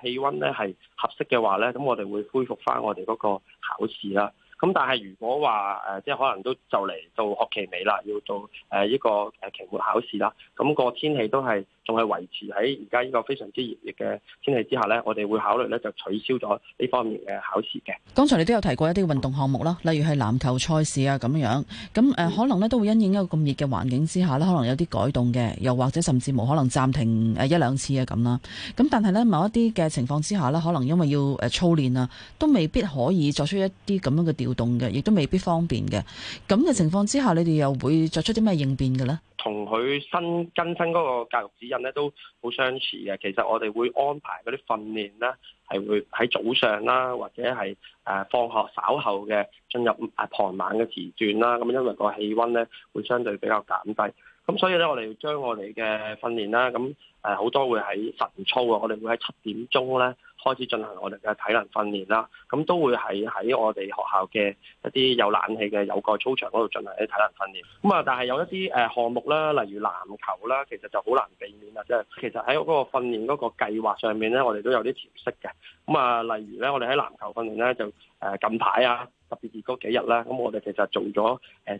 H: 誒氣温咧係合適嘅話咧，咁我哋會恢復返我哋嗰個考試啦。咁但係如果話誒、呃，即係可能都就嚟到學期尾啦，要到誒、呃、一個誒期末考試啦，咁、那個天氣都係。仲係維持喺而家呢個非常之炎熱嘅天氣之下呢，我哋會考慮呢就取消咗呢方面嘅考試嘅。
J: 剛才你都有提過一啲運動項目啦，例如係籃球賽事啊咁樣，咁誒、呃嗯、可能呢都會因應一個咁熱嘅環境之下呢，可能有啲改動嘅，又或者甚至冇可能暫停誒一兩次啊咁啦。咁但係呢某一啲嘅情況之下呢可能因為要誒操練啊，都未必可以作出一啲咁樣嘅調動嘅，亦都未必方便嘅。咁嘅情況之下，你哋又會作出啲咩應變嘅呢？
H: 同佢新更新嗰個教育指咁咧都好相似嘅，其實我哋會安排嗰啲訓練啦，係會喺早上啦，或者係誒放學稍後嘅進入誒傍晚嘅時段啦。咁因為個氣溫咧會相對比較減低，咁所以咧我哋要將我哋嘅訓練啦，咁誒好多會喺晨操啊，我哋會喺七點鐘咧。開始進行我哋嘅體能訓練啦，咁都會喺喺我哋學校嘅一啲有冷氣嘅有蓋操場嗰度進行啲體能訓練。咁啊，但係有一啲誒項目啦，例如籃球啦，其實就好難避免啊！即係其實喺嗰個訓練嗰個計劃上面咧，我哋都有啲調適嘅。咁啊，例如咧，我哋喺籃球訓練咧，就誒近排啊，特別係嗰幾日啦，咁我哋其實做咗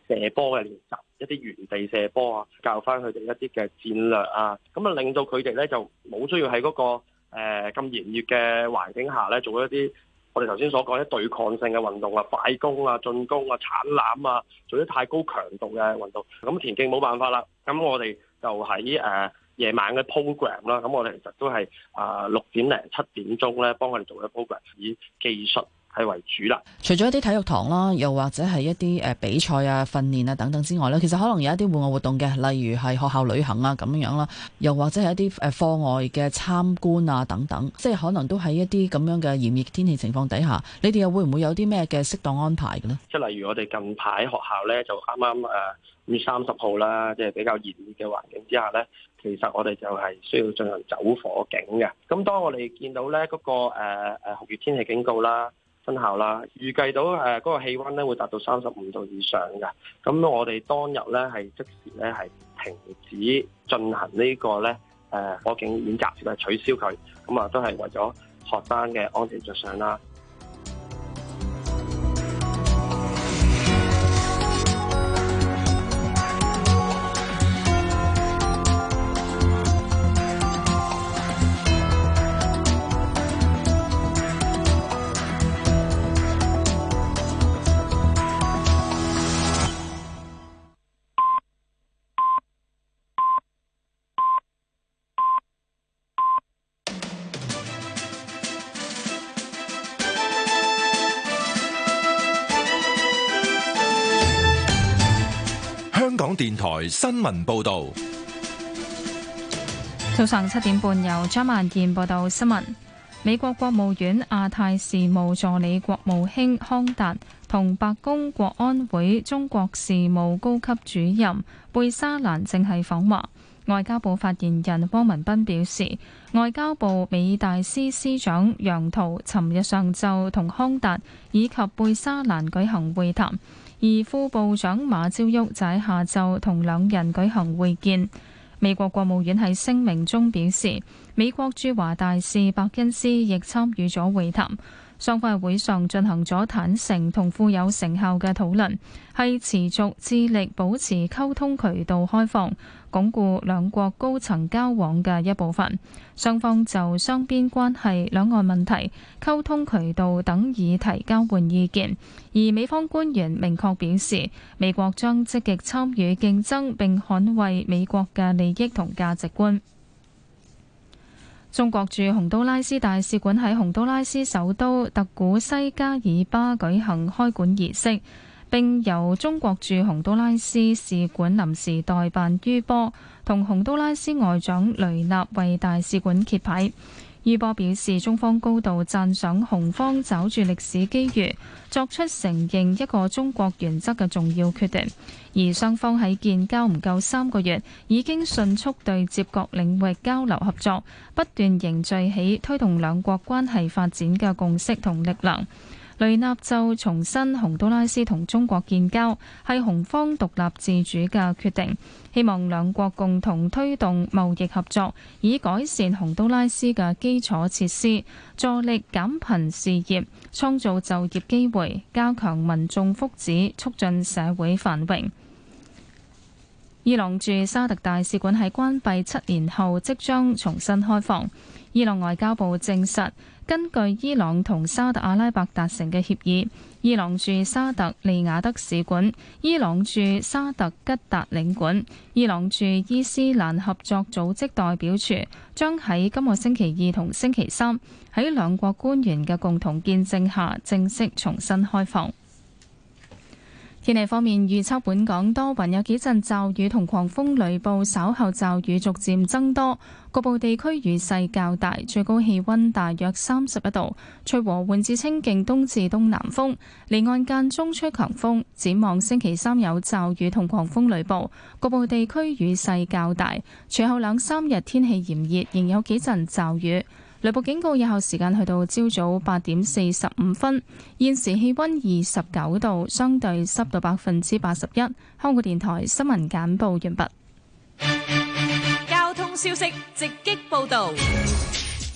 H: 誒射波嘅練習，一啲原地射波啊，教翻佢哋一啲嘅戰略啊，咁啊，令到佢哋咧就冇需要喺嗰個。誒咁炎熱嘅環境下咧，做一啲我哋頭先所講啲對抗性嘅運動啊，快攻啊、進攻啊、搶攬啊，做啲太高強度嘅運動，咁、嗯、田徑冇辦法啦。咁、嗯、我哋就喺誒、呃、夜晚嘅 program 啦、嗯。咁我哋其實都係啊六點零七點鐘咧，幫佢哋做一 program 以技術。係為主啦，
J: 除咗一啲體育堂啦，又或者係一啲誒比賽啊、訓練啊等等之外呢，其實可能有一啲戶外活動嘅，例如係學校旅行啊咁樣啦，又或者係一啲誒課外嘅參觀啊等等，即係可能都喺一啲咁樣嘅炎熱天氣情況底下，你哋又會唔會有啲咩嘅適當安排嘅呢？即係
H: 例如我哋近排學校呢，就啱啱誒五月三十號啦，即係比較炎熱嘅環境之下呢，其實我哋就係需要進行走火警嘅。咁當我哋見到呢、那、嗰個誒誒酷熱天氣警告啦。分校啦，預計到誒嗰、呃那個氣温咧會達到三十五度以上嘅，咁我哋當日咧係即時咧係停止進行呢、這個咧誒火警演習，同埋取消佢，咁、嗯、啊都係為咗學生嘅安全着想啦。
A: 台新聞報導，
B: 早上七點半由張曼健報道新聞。美國國務院亞太事務助理國務卿康達同白宮國安會中國事務高級主任貝沙蘭正係訪華。外交部發言人汪文斌表示，外交部美大司司長楊濤尋日上晝同康達以及貝沙蘭舉行會談。而副部長馬朝旭就喺下晝同兩人舉行會見。美國國務院喺聲明中表示，美國駐華大使伯恩斯亦參與咗會談。雙方喺會上進行咗坦誠同富有成效嘅討論，係持續致力保持溝通渠道開放、鞏固兩國高層交往嘅一部分。雙方就雙邊關係、兩岸問題、溝通渠道等議題交換意見，而美方官員明確表示，美國將積極參與競爭並捍衛美國嘅利益同價值觀。中國駐洪都拉斯大使館喺洪都拉斯首都特古西加爾巴舉行開館儀式，並由中國駐洪都拉斯使館臨時代辦于波同洪都拉斯外長雷納為大使館揭牌。俞波表示，中方高度贊賞洪方抓住歷史機遇，作出承認一個中國原則嘅重要決定，而雙方喺建交唔夠三個月，已經迅速對接各領域交流合作，不斷凝聚起推動兩國關係發展嘅共識同力量。雷納就重申洪都拉斯同中國建交係洪方獨立自主嘅決定，希望兩國共同推動貿易合作，以改善洪都拉斯嘅基礎設施，助力減貧事業，創造就業機會，加強民眾福祉，促進社會繁榮。伊朗駐沙特大使館喺關閉七年後即將重新開放，伊朗外交部證實。根據伊朗同沙特阿拉伯達成嘅協議，伊朗駐沙特利雅得使館、伊朗駐沙特吉達領館、伊朗駐伊斯蘭合作組織代表處將喺今個星期二同星期三喺兩國官員嘅共同見證下，正式重新開放。天氣方面，預測本港多雲，有幾陣驟雨同狂風雷暴，稍後驟雨逐漸增多，局部地區雨勢較大，最高氣溫大約三十一度。吹和緩至清勁東至東南風，離岸間中吹強風。展望星期三有驟雨同狂風雷暴，局部地區雨勢較大。隨後兩三日天氣炎熱，仍有幾陣驟雨。雷暴警告，有效時間去到朝早八點四十五分。現時氣溫二十九度，相對濕度百分之八十一。香港電台新聞簡報完畢。
J: 交通消息直擊報道。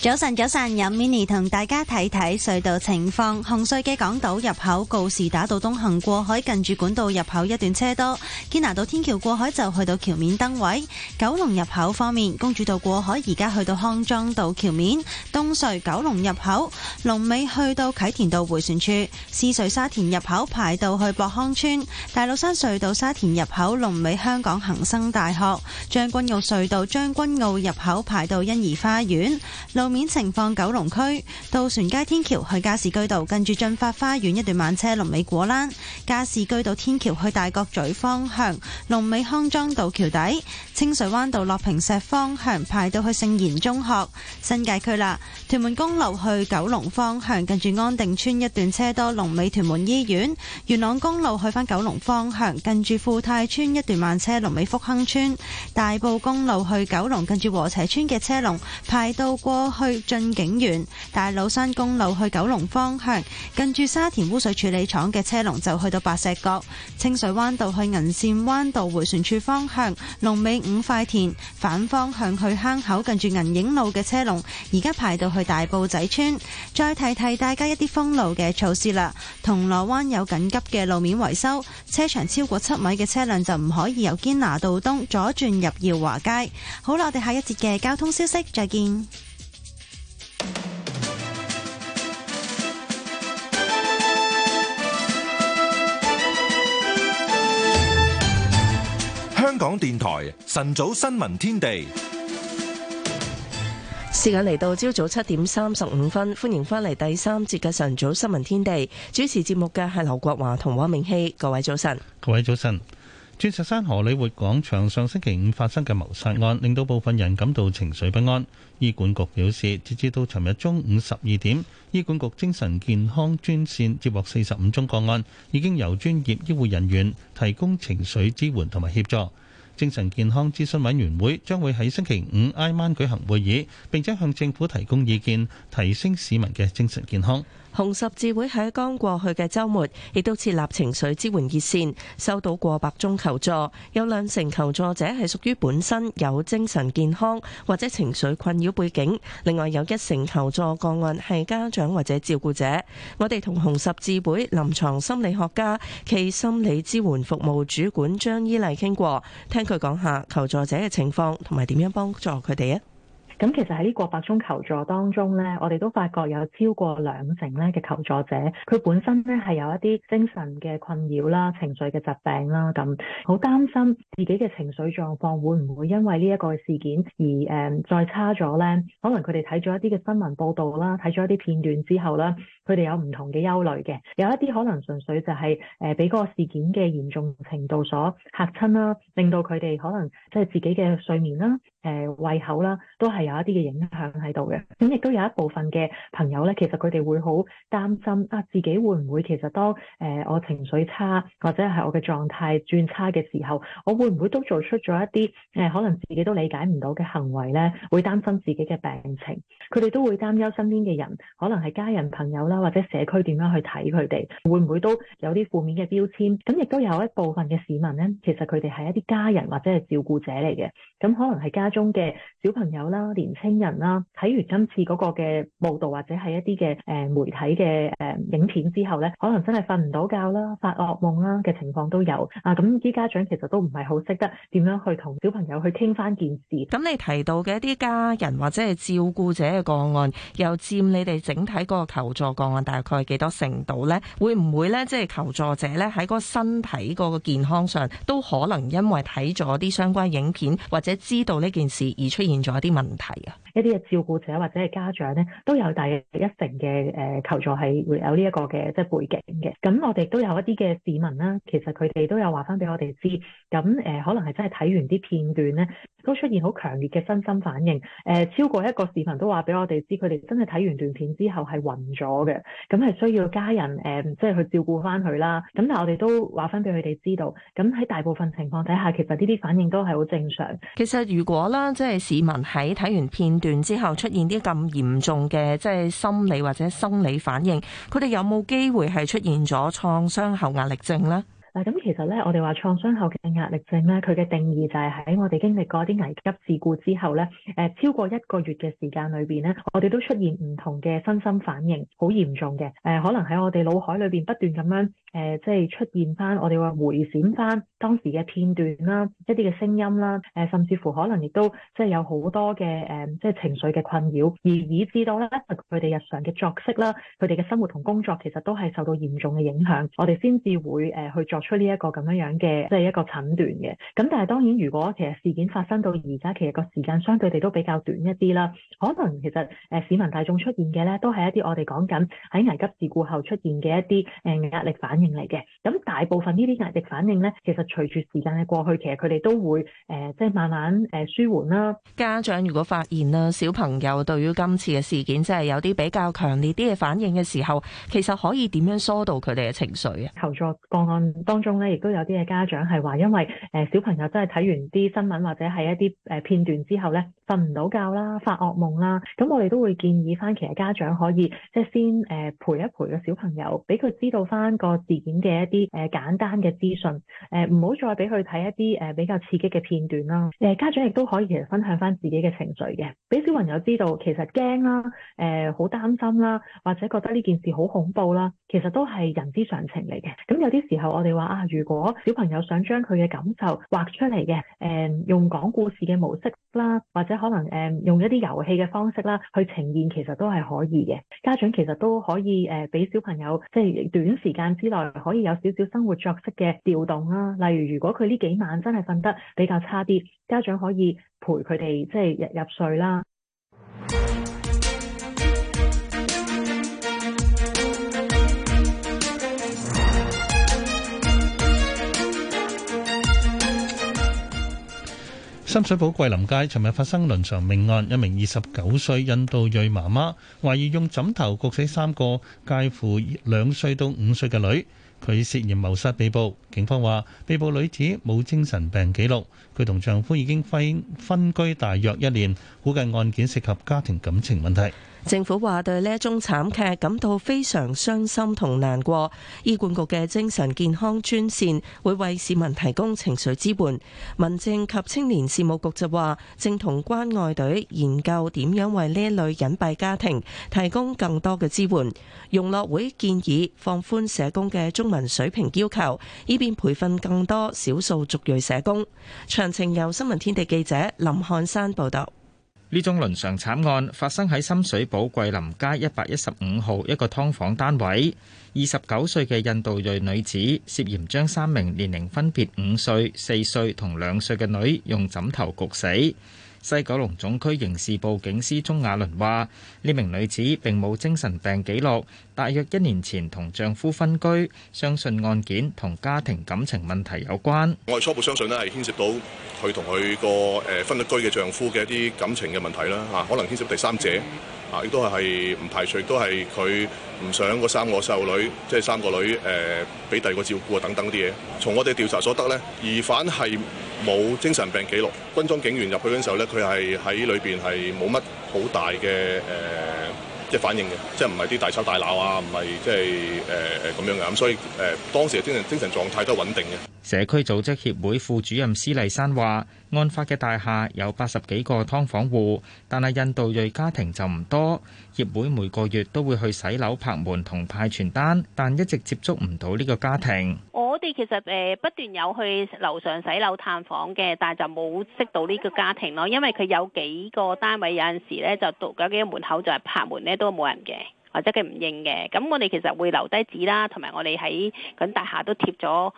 O: 早晨，早晨，有 Mini 同大家睇睇隧道情況，紅隧嘅港島入口告士打道東行過海，近住管道入口一段車多。堅拿道天橋過海就去到橋面燈位。九龍入口方面，公主道過海而家去到康莊道橋面。東隧九龍入口，龍尾去到啟田道回旋處。獅隧沙田入口排到去博康邨。大老山隧道沙田入口龍尾香港恒生大學。將軍澳隧道將軍澳入口排到欣怡花園。路面情況：九龍區渡船街天橋去加士居道，近住駿發花園一段慢車；龍尾果欄，加士居道天橋去大角咀方向，龍尾康莊道橋底，清水灣道落坪石方向排到去聖言中學新界區啦。屯門公路去九龍方向，近住安定村一段車多，龍尾屯門醫院；元朗公路去返九龍方向，近住富泰村一段慢車，龍尾福亨村；大埔公路去九龍，近住禾輋村嘅車龍排到過。去駿景園、大老山公路去九龍方向，近住沙田污水處理廠嘅車龍就去到白石角。清水灣道去銀線灣道回旋處方向，龍尾五塊田，反方向去坑口，近住銀影路嘅車龍而家排到去大埔仔村。再提提大家一啲封路嘅措施啦。銅鑼灣有緊急嘅路面維修，車長超過七米嘅車輛就唔可以由堅拿道東左轉入耀華街。好啦，我哋下一節嘅交通消息再見。
A: 電台晨早新聞天地
C: 時間嚟到，朝早七點三十五分，歡迎翻嚟第三節嘅晨早新聞天地。主持節目嘅係劉國華同汪明熙。各位早晨，
D: 各位早晨。鑽石山荷里活廣場上星期五發生嘅謀殺案，令到部分人感到情緒不安。醫管局表示，截至到尋日中午十二點，醫管局精神健康專線接獲四十五宗個案，已經由專業醫護人員提供情緒支援同埋協助。精神健康諮詢委員會將會喺星期五挨晚舉行會議，並且向政府提供意見，提升市民嘅精神健康。
C: 紅十字會喺剛過去嘅周末亦都設立情緒支援熱線，收到過百宗求助，有兩成求助者係屬於本身有精神健康或者情緒困擾背景，另外有一成求助個案係家長或者照顧者。我哋同紅十字會臨床心理學家、暨心理支援服務主管張伊麗傾過，聽佢講下求助者嘅情況同埋點樣幫助佢哋啊！
M: 咁其實喺呢個百宗求助當中咧，我哋都發覺有超過兩成咧嘅求助者，佢本身咧係有一啲精神嘅困擾啦、情緒嘅疾病啦，咁好擔心自己嘅情緒狀況會唔會因為呢一個事件而誒再差咗咧？可能佢哋睇咗一啲嘅新聞報道啦，睇咗一啲片段之後啦，佢哋有唔同嘅憂慮嘅，有一啲可能純粹就係誒俾嗰個事件嘅嚴重程度所嚇親啦，令到佢哋可能即係自己嘅睡眠啦。誒胃口啦，都係有一啲嘅影響喺度嘅。咁亦都有一部分嘅朋友咧，其實佢哋會好擔心啊，自己會唔會其實當誒、呃、我情緒差，或者係我嘅狀態轉差嘅時候，我會唔會都做出咗一啲誒、呃、可能自己都理解唔到嘅行為咧？會擔心自己嘅病情，佢哋都會擔憂身邊嘅人，可能係家人朋友啦，或者社區點樣去睇佢哋，會唔會都有啲負面嘅標籤？咁亦都有一部分嘅市民咧，其實佢哋係一啲家人或者係照顧者嚟嘅，咁可能係家。中嘅小朋友啦、啊、年青人啦、啊，睇完今次嗰個嘅報道或者係一啲嘅誒媒體嘅誒、呃、影片之後咧，可能真係瞓唔到覺啦、發噩夢啦嘅情況都有啊。咁、嗯、啲家長其實都唔係好識得點樣去同小朋友去傾翻件
C: 事。咁你提到嘅一啲家人或者係照顧者嘅個案，又佔你哋整體嗰個求助個案大概幾多成度咧？會唔會咧，即、就、係、是、求助者咧喺個身體嗰個健康上都可能因為睇咗啲相關影片或者知道呢件事而出現咗一啲問題啊，
M: 一啲嘅照顧者或者係家長咧，都有大概一成嘅誒、呃、求助係會有呢一個嘅即係背景嘅。咁我哋都有一啲嘅市民啦，其實佢哋都有話翻俾我哋知，咁誒、呃、可能係真係睇完啲片段咧。都出現好強烈嘅身心反應，誒超過一個市民都話俾我哋知，佢哋真係睇完段片之後係暈咗嘅，咁係需要家人誒即係去照顧翻佢啦。咁但係我哋都話翻俾佢哋知道，咁喺大部分情況底下，其實呢啲反應都係好正常。其實如
C: 果啦，即係市民喺睇完片段之後出現啲咁嚴重嘅即係心理或者生理反應，佢哋有冇機會係出現咗創傷後壓力症呢？
M: 嗱咁其實咧，我哋話創傷後嘅壓力症咧，佢嘅定義就係喺我哋經歷過啲危急事故之後咧，誒超過一個月嘅時間裏邊咧，我哋都出現唔同嘅身心反應，好嚴重嘅。誒可能喺我哋腦海裏邊不斷咁樣，誒即係出現翻我哋話回閃翻當時嘅片段啦，一啲嘅聲音啦，誒甚至乎可能亦都即係有好多嘅誒即係情緒嘅困擾，而以至到咧佢哋日常嘅作息啦，佢哋嘅生活同工作其實都係受到嚴重嘅影響，我哋先至會誒去作出呢一個咁樣樣嘅，即係一個診斷嘅。咁但係當然，如果其實事件發生到而家，其實個時間相對地都比較短一啲啦。可能其實誒市民大眾出現嘅咧，都係一啲我哋講緊喺危急事故後出現嘅一啲誒壓力反應嚟嘅。咁大部分呢啲壓力反應咧，其實隨住時間嘅過去，其實佢哋都會誒即係慢慢誒舒緩啦。
C: 家長如果發現啦小朋友對於今次嘅事件即係有啲比較強烈啲嘅反應嘅時候，其實可以點樣疏導佢哋嘅情緒啊？
M: 求助個案當中咧，亦都有啲嘅家長係話，因為誒、呃、小朋友真係睇完啲新聞或者係一啲誒、呃、片段之後咧，瞓唔到覺啦，發噩夢啦。咁我哋都會建議翻，其實家長可以即係先誒、呃、陪一陪個小朋友，俾佢知道翻個事件嘅一啲誒、呃、簡單嘅資訊。誒唔好再俾佢睇一啲誒、呃、比較刺激嘅片段啦。誒、呃、家長亦都可以其實分享翻自己嘅情緒嘅，俾小朋友知道其實驚啦，誒好擔心啦，或者覺得呢件事好恐怖啦，其實都係人之常情嚟嘅。咁有啲時候我哋話。啊，如果小朋友想將佢嘅感受畫出嚟嘅，誒、嗯，用講故事嘅模式啦，或者可能誒、嗯、用一啲遊戲嘅方式啦，去呈現其實都係可以嘅。家長其實都可以誒，俾、呃、小朋友即係、就是、短時間之內可以有少少生活作息嘅調動啦。例如，如果佢呢幾晚真係瞓得比較差啲，家長可以陪佢哋即係入入睡啦。
D: 深水埗桂林街，尋日發生倫常命案，一名二十九歲印度裔媽媽懷疑用枕頭焗死三個介乎兩歲到五歲嘅女，佢涉嫌謀殺被捕。警方話，被捕女子冇精神病記錄，佢同丈夫已經分分居大約一年，估計案件涉及家庭感情問題。
C: 政府話對呢一宗慘劇感到非常傷心同難過，醫管局嘅精神健康專線會為市民提供情緒支援。民政及青年事務局就話，正同關愛隊研究點樣為呢類隱蔽家庭提供更多嘅支援。融樂會建議放寬社工嘅中文水平要求，以便培訓更多少數族裔社工。詳情由新聞天地記者林
S: 漢山報道。呢宗倫常慘案發生喺深水埗桂林街一百一十五號一個劏房單位，二十九歲嘅印度裔女子涉嫌將三名年齡分別五歲、四歲同兩歲嘅女用枕頭焗死。西九龍總區刑事部警司鍾雅倫話：呢名女子並冇精神病記錄，大約一年前同丈夫分居，相信案件同家庭感情問題有關。
A: 我哋初步相信咧，係牽涉到佢同佢個誒分咗居嘅丈夫嘅一啲感情嘅問題啦嚇，可能牽涉第三者啊，亦都係唔排除，都係佢唔想嗰三個細路女即係、就是、三個女誒俾、呃、第二個照顧等等啲嘢。從我哋調查所得呢，疑犯係，冇精神病記錄，軍裝警員入去嗰陣時候咧，佢係喺裏邊係冇乜好大嘅誒，即係反應嘅，即係唔係啲大吵大鬧啊，唔係即係誒咁樣嘅，咁所以誒當時嘅精神精神狀態
L: 都穩定嘅。
S: 社區組織協會副主任施麗珊話：案發嘅大廈有八十幾個劏房戶，但係印度裔家庭就唔多。業會每個月都會去洗樓拍門同派傳單，但一直接觸唔到呢個家庭。
O: 我哋其實誒不斷有去樓上洗樓探訪嘅，但就冇識到呢個家庭咯。因為佢有幾個單位，有陣時咧就到幾個門口就係拍門咧都冇人嘅。或者佢唔認嘅，咁我哋其實會留低紙啦，同埋我哋喺嗰大廈都貼咗誒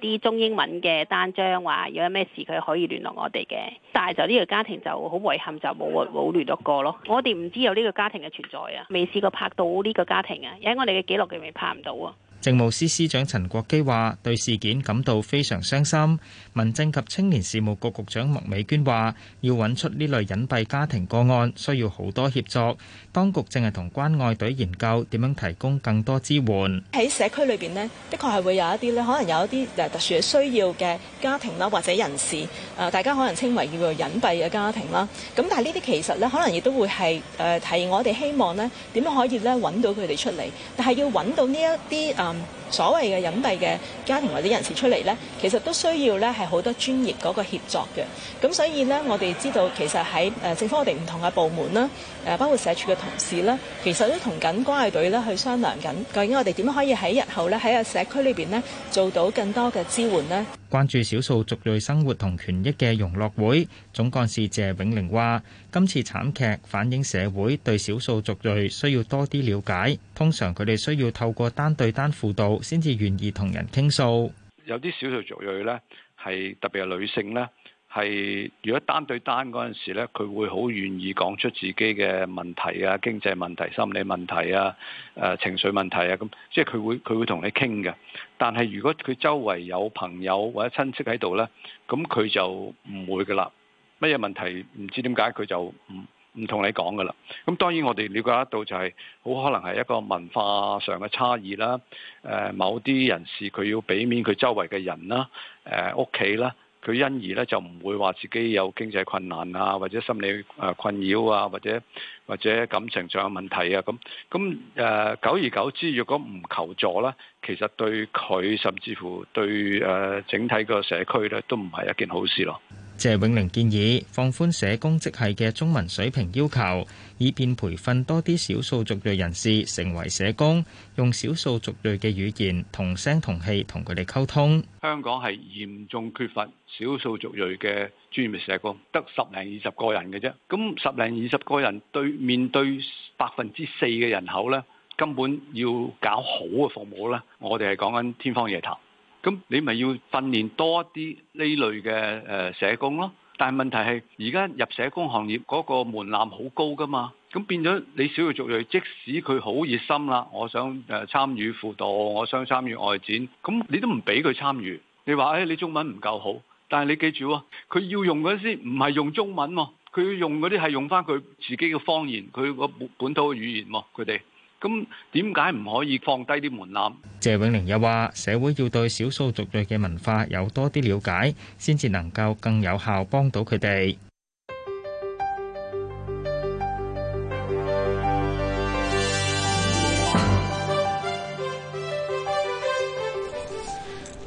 O: 啲中英文嘅單張，話如果有咩事佢可以聯絡我哋嘅。但係就呢個家庭就好遺憾，就冇冇聯絡過咯。我哋唔知有呢個家庭嘅存在啊，未試過拍到呢個家庭啊，喺我哋嘅記錄入面拍唔到啊。
S: 政務司司長陳國基話：對事件感到非常傷心。民政及青年事務局局長麥美娟話，要揾出呢類隱蔽家庭個案，需要好多協助，當局正係同關愛隊研究點樣提供更多支援。
P: 喺社區裏邊咧，的確係會有一啲咧，可能有一啲誒特殊嘅需要嘅家庭啦，或者人士，誒大家可能稱為叫做隱蔽嘅家庭啦。咁但係呢啲其實咧，可能亦都會係誒提我哋希望咧，點樣可以咧揾到佢哋出嚟。但係要揾到呢一啲誒所謂嘅隱蔽嘅家庭或者人士出嚟咧，其實都需要咧係。好多專業嗰個協作嘅，咁所以咧，我哋知道其實喺誒政府我哋唔同嘅部門啦，誒包括社署嘅同事啦，其實都同緊關愛隊咧去商量緊，究竟我哋點樣可以喺日後咧喺個社區裏邊咧做到更多嘅支援咧？
S: 關注少數族裔生活同權益嘅融樂會總幹事謝永玲話：「今次慘劇反映社會對少數族裔需要多啲瞭解，通常佢哋需要透過單對單輔導先至願意同人傾訴。」
T: 有啲少數族裔咧。係特別係女性咧，係如果單對單嗰陣時咧，佢會好願意講出自己嘅問題啊、經濟問題、心理問題啊、誒、呃、情緒問題啊，咁即係佢會佢會同你傾嘅。但係如果佢周圍有朋友或者親戚喺度呢，咁佢就唔會噶啦。乜嘢問題唔知點解佢就唔嗯唔同你講噶啦，咁當然我哋瞭解得到就係好可能係一個文化上嘅差異啦。誒、呃，某啲人士佢要俾面佢周圍嘅人啦，誒屋企啦，佢因而咧就唔會話自己有經濟困難啊，或者心理誒困擾啊，或者或者感情上有問題啊咁。咁誒、呃、久而久之，若果唔求助咧，其實對佢甚至乎對誒、呃、整體個社區咧都唔係一件好事咯。
S: 謝永玲建議放寬社工職系嘅中文水平要求，以便培訓多啲少數族裔人士成為社工，用少數族裔嘅語言同聲同氣同佢哋溝通。
T: 香港係嚴重缺乏少數族裔嘅專業社工，得十零二十個人嘅啫。咁十零二十個人對面對百分之四嘅人口咧，根本要搞好嘅服務咧，我哋係講緊天方夜譚。咁你咪要訓練多啲呢類嘅誒社工咯，但係問題係而家入社工行業嗰個門檻好高噶嘛，咁變咗你少數族裔，即使佢好熱心啦，我想誒參與輔導，我想參與外展，咁你都唔俾佢參與，你話唉、哎、你中文唔夠好，但係你記住喎，佢要用嗰啲唔係用中文喎，佢要用嗰啲係用翻佢自己嘅方言，佢個本土嘅語言喎佢哋。咁點解唔可以放低啲門檻？
S: 謝永寧又話：社會要對少數族裔嘅文化有多啲了解，先至能夠更有效幫到佢哋。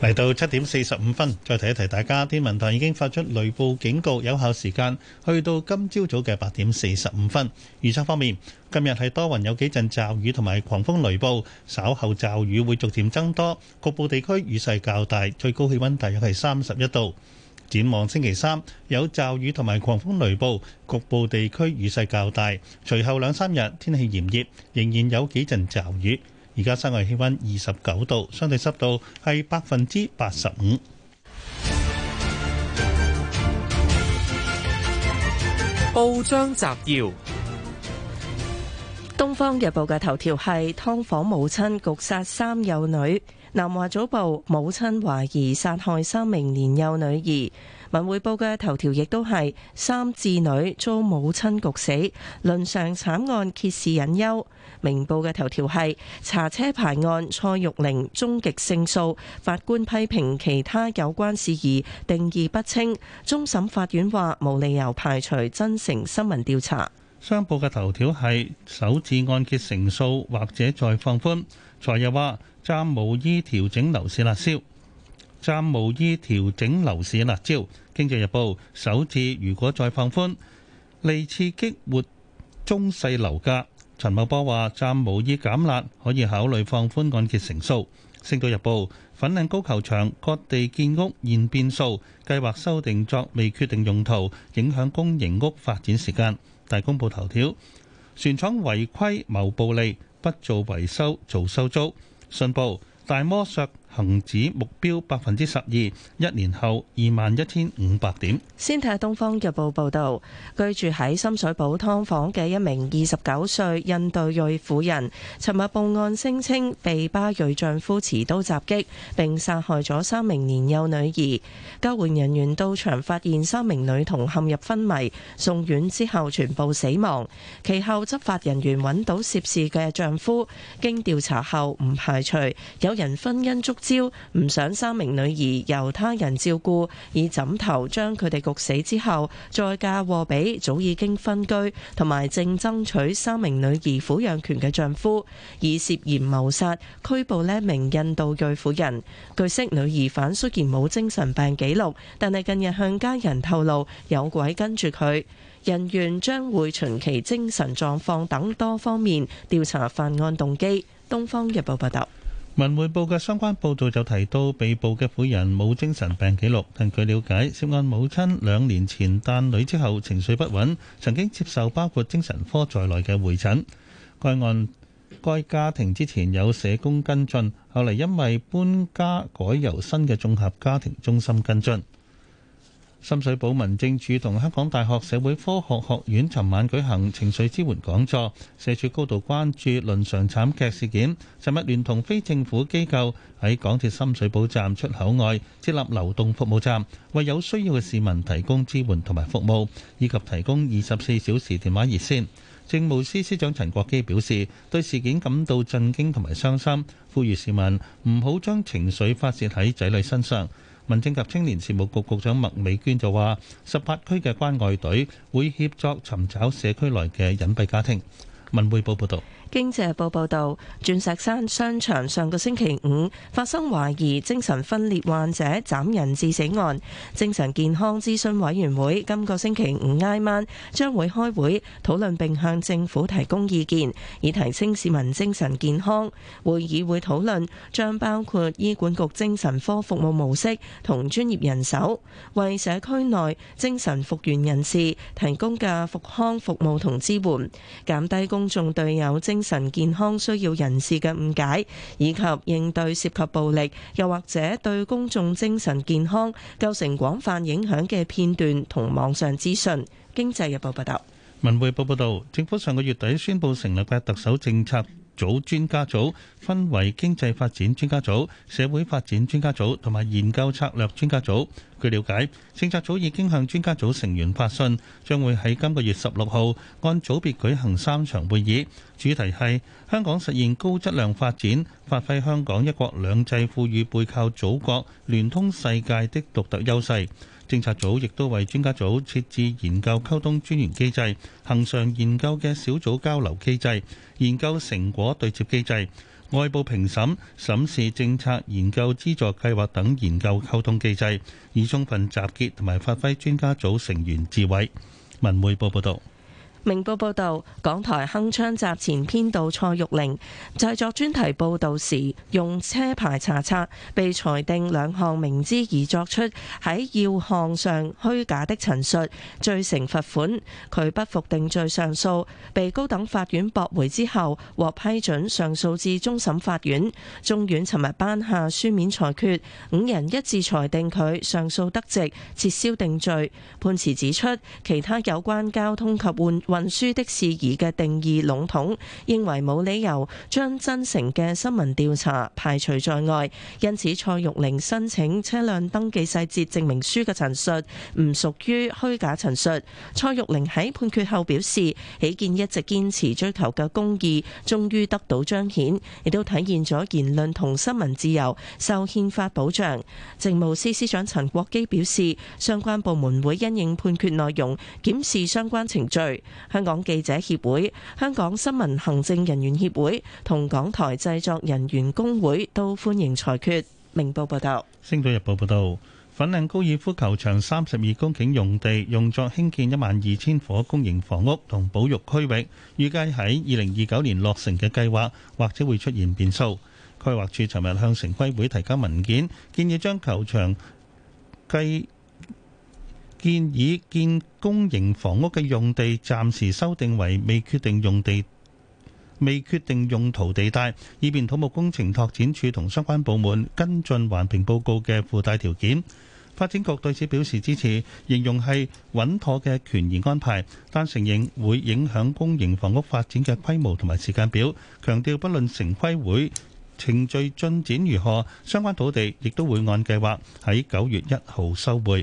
D: 嚟到七點四十五分，再提一提大家，天文台已經發出雷暴警告，有效時間去到今朝早嘅八點四十五分。預測方面，今日係多雲，有幾陣驟雨同埋狂風雷暴，稍後驟雨會逐漸增多，局部地區雨勢較大，最高氣温大約係三十一度。展望星期三有驟雨同埋狂風雷暴，局部地區雨勢較大。隨後兩三日天氣炎熱，仍然有幾陣驟雨。而家室外氣溫二十九度，相對濕度係百分之八十五。
C: 報章摘要：《東方日報》嘅頭條係劏房母親焗殺三幼女，《南華早報》母親懷疑殺害三名年幼女兒。文匯報嘅頭條亦都係三子女遭母親焗死，倫常慘案揭示隱憂。明報嘅頭條係查車牌案蔡玉玲終極勝訴，法官批評其他有關事宜定義不清。終審法院話無理由排除真誠新聞調查。
D: 商報嘅頭條係首次按揭成數，或者再放寬。財爺話暫無意調整樓市辣招。暫無意調整樓市辣椒，經濟日報首置如果再放寬，利刺激活中細樓價。陳茂波話暫無意減辣，可以考慮放寬按揭成數。星島日報粉嶺高球場割地建屋現變數，計劃修訂作未決定用途，影響公營屋發展時間。大公報頭條船廠違規謀暴利，不做維修做收租。信報大摩削。恒指目標百分之十二，一年後二萬一千五百點。
C: 先睇下《東方日報》報道，居住喺深水埗劏房嘅一名二十九歲印度裔婦人，尋日報案聲稱被巴裔丈夫持刀襲擊並殺害咗三名年幼女兒。救援人員到場發現三名女童陷入昏迷，送院之後全部死亡。其後執法人員揾到涉事嘅丈夫，經調查後唔排除有人婚姻觸礁。唔想三名女兒由他人照顧，以枕頭將佢哋焗死之後再嫁禍俾早已經分居，同埋正爭取三名女兒撫養權嘅丈夫，以涉嫌謀殺拘捕呢名印度裔婦人。據悉，女兒犯雖然冇精神病記錄，但係近日向家人透露有鬼跟住佢。人員將會循其精神狀況等多方面調查犯案動機。東方日報報道。
D: 文匯報嘅相關報導就提到，被捕嘅婦人冇精神病記錄，但據了解，涉案母親兩年前誕女之後情緒不穩，曾經接受包括精神科在內嘅會診。該案該家庭之前有社工跟進，後嚟因為搬家改由新嘅綜合家庭中心跟進。深水埗民政署同香港大學社會科學學院尋晚舉行情緒支援講座，社署高度關注倫常慘劇事件。尋日聯同非政府機構喺港鐵深水埗站出口外設立流動服務站，為有需要嘅市民提供支援同埋服務，以及提供二十四小時電話熱線。政務司司長陳國基表示，對事件感到震驚同埋傷心，呼籲市民唔好將情緒發洩喺仔女身上。民政及青年事務局局長麥美娟就話，十八區嘅關愛隊會協助尋找社區內嘅隱蔽家庭。文匯報報道。
C: 經濟日報報道，鑽石山商場上個星期五發生懷疑精神分裂患者斬人致死案。精神健康諮詢委員會今個星期五挨晚將會開會討論，並向政府提供意見，以提升市民精神健康。會議會討論將包括醫管局精神科服務模式同專業人手，為社區內精神復原人士提供嘅復康服務同支援，減低公眾對有精精神健康需要人士嘅誤解，以及應對涉及暴力又或者對公眾精神健康構成廣泛影響嘅片段同網上資訊。經濟日報報道。
D: 文匯報報道，政府上個月底宣布成立嘅特首政策。組專家組分為經濟發展專家組、社會發展專家組同埋研究策略專家組。據了解，政策組已經向專家組成員發信，將會喺今個月十六號按組別舉行三場會議，主題係香港實現高質量發展，發揮香港一國兩制賦予背靠祖國聯通世界的獨特優勢。政策組亦都為專家組設置研究溝通專員機制、恒常研究嘅小組交流機制、研究成果對接機制、外部評審、審視政策研究資助計劃等研究溝通機制，以充分集結同埋發揮專家組成員智慧。文匯報報道。
C: 明報報道，港台鏗鏘集前編導蔡玉玲製作專題報道時用車牌查冊被裁定兩項明知而作出喺要項上虛假的陳述，罪成罰款。佢不服定罪上訴被高等法院駁回之後獲批准上訴至終審法院。中院尋日頒下書面裁決五人一致裁定佢上訴得直，撤銷定罪。判詞指出，其他有關交通及換。運輸的事宜嘅定義籠統，認為冇理由將真誠嘅新聞調查排除在外。因此，蔡玉玲申請車輛登記細節證明書嘅陳述唔屬於虛假陳述。蔡玉玲喺判決後表示，起見一直堅持追求嘅公義，終於得到彰顯，亦都體現咗言論同新聞自由受憲法保障。政務司司長陳國基表示，相關部門會因應判決內容檢視相關程序。香港記者協會、香港新聞行政人員協會同港台製作人員工會都歡迎裁決。明報報道，
D: 《星島日報》報道， 粉嶺高爾夫球場三十二公頃用地用作興建一萬二千伙公營房屋同保育區域，預計喺二零二九年落成嘅計劃，或者會出現變數。規劃處尋日向城規會提交文件，建議將球場計。建議建公營房屋嘅用地暫時修訂為未決定用地、未決定用途地帶，以便土木工程拓展署同相關部門跟進環評報告嘅附帶條件。發展局對此表示支持，形容係穩妥嘅權宜安排，但承認會影響公營房屋發展嘅規模同埋時間表。強調不論城規會程序進展如何，相關土地亦都會按計劃喺九月一號收回。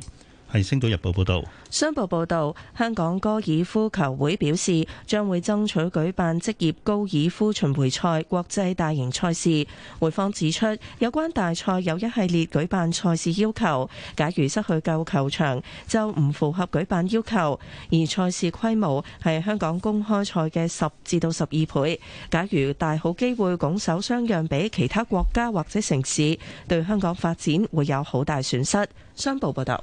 D: 係《星島日報》報道，
C: 商報報道，香港高爾夫球會表示將會爭取舉辦職業高爾夫巡迴賽國際大型賽事。會方指出，有關大賽有一系列舉辦賽事要求，假如失去舊球場就唔符合舉辦要求，而賽事規模係香港公開賽嘅十至到十二倍。假如大好機會拱手相讓俾其他國家或者城市，對香港發展會有好大損失。商報報道。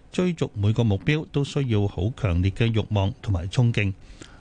D: 追逐每個目標都需要好強烈嘅慾望同埋衝勁。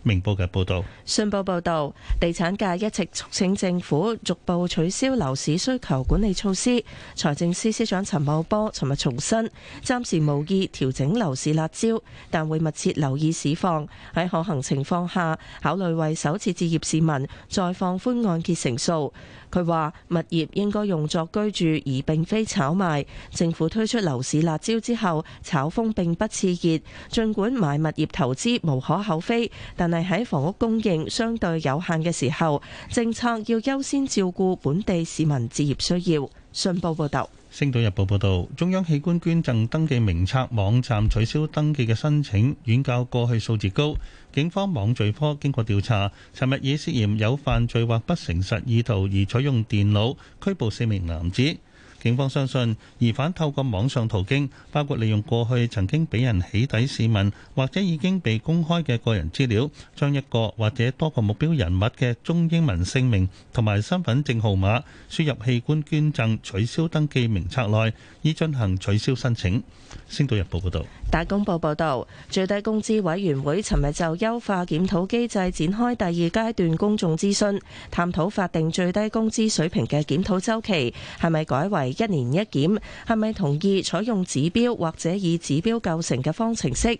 D: 明報嘅報導。
C: 信報報導，地產界一直促請政府逐步取消樓市需求管理措施。財政司司，司長陳茂波尋日重申，暫時無意調整樓市辣招，但會密切留意市況，喺可行情況下考慮為首次置業市民再放寬按揭成數。佢話：物業應該用作居住，而並非炒賣。政府推出樓市辣椒之後，炒風並不熾熱。儘管買物業投資無可厚非，但係喺房屋供應相對有限嘅時候，政策要優先照顧本地市民置業需要。信報報道。
D: 星島日報報道，中央器官捐贈登記名冊網站取消登記嘅申請遠較過去數字高。警方網罪科經過調查，尋日已涉嫌有犯罪或不誠實意圖而取用電腦拘捕四名男子。警方相信，疑犯透過網上途徑，包括利用過去曾經俾人起底市民，或者已經被公開嘅個人資料，將一個或者多個目標人物嘅中英文姓名同埋身份證號碼輸入器官捐贈取消登記名冊內，以進行取消申請。星島日報報道。
C: 大公報報導，最低工資委員會尋日就優化檢討機制展開第二階段公眾諮詢，探討法定最低工資水平嘅檢討周期係咪改為一年一檢，係咪同意採用指標或者以指標構成嘅方程式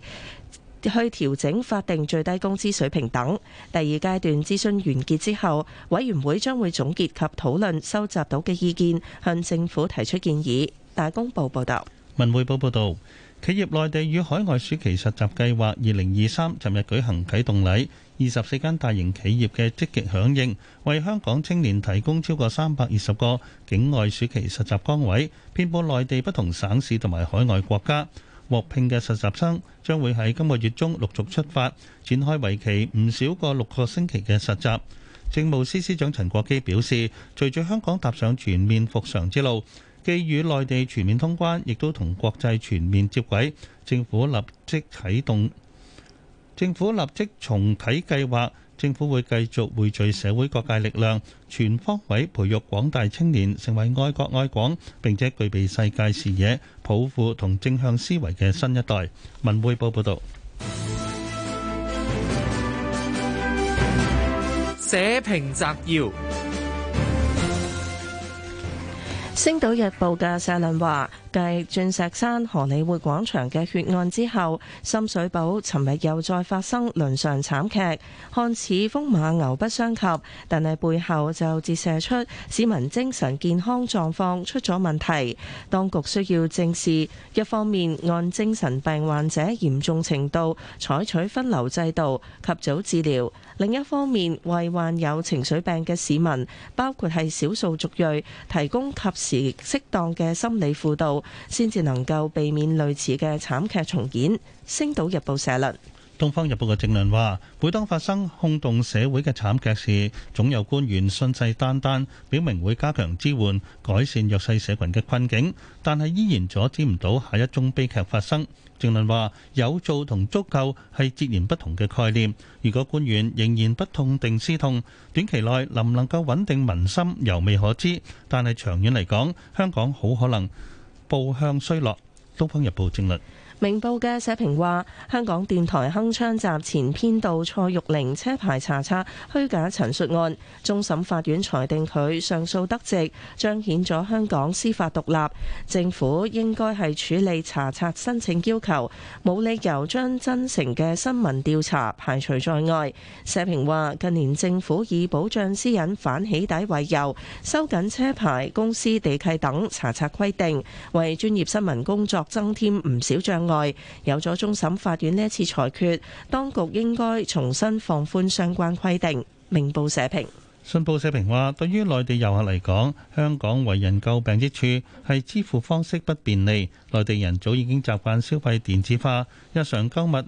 C: 去調整法定最低工資水平等。第二階段諮詢完結之後，委員會將會總結及討論收集到嘅意見，向政府提出建議。大公報報道。
D: 文匯報報導。企業內地與海外暑期實習計劃二零二三，尋日舉行啟動禮，二十四間大型企業嘅積極響應，為香港青年提供超過三百二十個境外暑期實習崗位，遍布內地不同省市同埋海外國家。獲聘嘅實習生將會喺今個月中陸續出發，展開為期唔少過六個星期嘅實習。政務司司長陳國基表示，隨住香港踏上全面復常之路。既與內地全面通關，亦都同國際全面接軌，政府立即啟動政府立即重啟計劃。政府會繼續匯聚社會各界力量，全方位培育廣大青年成為愛國愛港並且具備世界視野、抱負同正向思維嘅新一代。文匯報報導。
M: 社評
S: 摘要。
C: 《星島日報》嘅社論話：繼鑽石山荷里活廣場嘅血案之後，深水埗尋日又再發生倫常慘劇，看似風馬牛不相及，但係背後就折射出市民精神健康狀況出咗問題，當局需要正視。一方面按精神病患者嚴重程度採取分流制度，及早治療。另一方面，為患有情緒病嘅市民，包括係少數族裔，提供及時適當嘅心理輔導，先至能夠避免類似嘅慘劇重演。星島日報社
D: 論。《東方日報》嘅正論話：每當發生轟動社會嘅慘劇時，總有官員信誓旦旦表明會加強支援、改善弱勢社群嘅困境，但係依然阻止唔到下一宗悲劇發生。正論話：有做同足夠係截然不同嘅概念。如果官員仍然不痛定思痛，短期內能唔能夠穩定民心，猶未可知。但係長遠嚟講，香港好可能步向衰落。《東方日報》正論。
C: 明報嘅社評話：香港電台《鏗鏘集》前編導蔡玉玲車牌查冊虛假陳述案，終審法院裁定佢上訴得直，彰顯咗香港司法獨立。政府應該係處理查冊申請要求，冇理由將真誠嘅新聞調查排除在外。社評話：近年政府以保障私隱反起底為由，收緊車牌、公司地契等查冊規定，為專業新聞工作增添唔少障礙。外有咗終審法院呢一次裁決，當局應該重新放寬相關規定。明報社評，
D: 信報社評話，對於內地遊客嚟講，香港為人詬病之處係支付方式不便利，內地人早已經習慣消費電子化，日常購物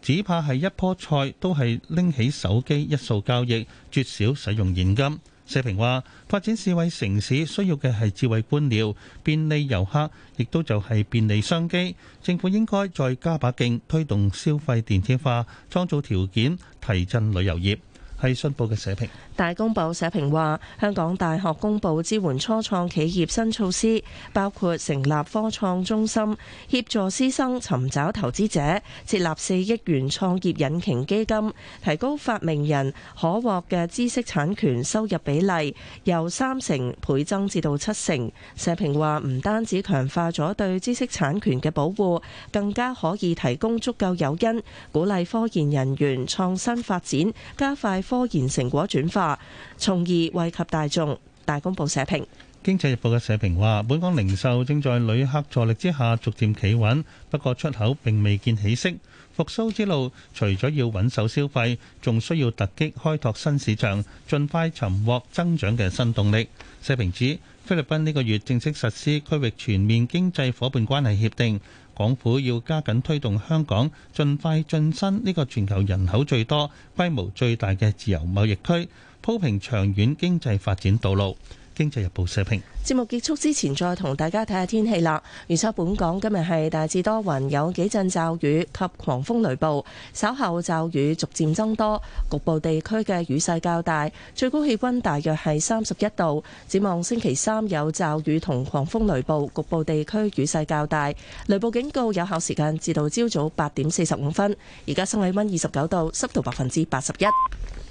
D: 只怕係一樖菜都係拎起手機一掃交易，絕少使用現金。社評話：發展智慧城市需要嘅係智慧官僚，便利遊客，亦都就係便利商機。政府應該再加把勁推動消費電子化，創造條件，提振旅遊業。係信報嘅社評，
C: 大公報社評話：香港大學公佈支援初創企業新措施，包括成立科創中心，協助師生尋找投資者，設立四億元創業引擎基金，提高發明人可獲嘅知識產權收入比例，由三成倍增至到七成。社評話：唔單止強化咗對知識產權嘅保護，更加可以提供足夠誘因，鼓勵科研人員創新發展，加快科研成果轉化，從而惠及大眾。大公報社評。
D: 經濟日報嘅社評話，本港零售正在旅客助力之下，逐漸企穩，不過出口並未見起色。復蘇之路，除咗要穩守消費，仲需要突擊開拓新市場，盡快尋獲增長嘅新動力。社評指，菲律賓呢個月正式實施區域全面經濟夥伴關係協定。港府要加緊推動香港，盡快晉身呢個全球人口最多、規模最大嘅自由貿易區，鋪平長遠經濟發展道路。經濟日報社評，
C: 節目結束之前再同大家睇下天氣啦。預測本港今日係大致多雲，有幾陣驟雨及狂風雷暴，稍後驟雨逐漸增多，局部地區嘅雨勢較大，最高氣溫大約係三十一度。展望星期三有驟雨同狂風雷暴，局部地區雨勢較大，雷暴警告有效時間至到朝早八點四十五分。而家室內溫二十九度，濕度百分之八十一。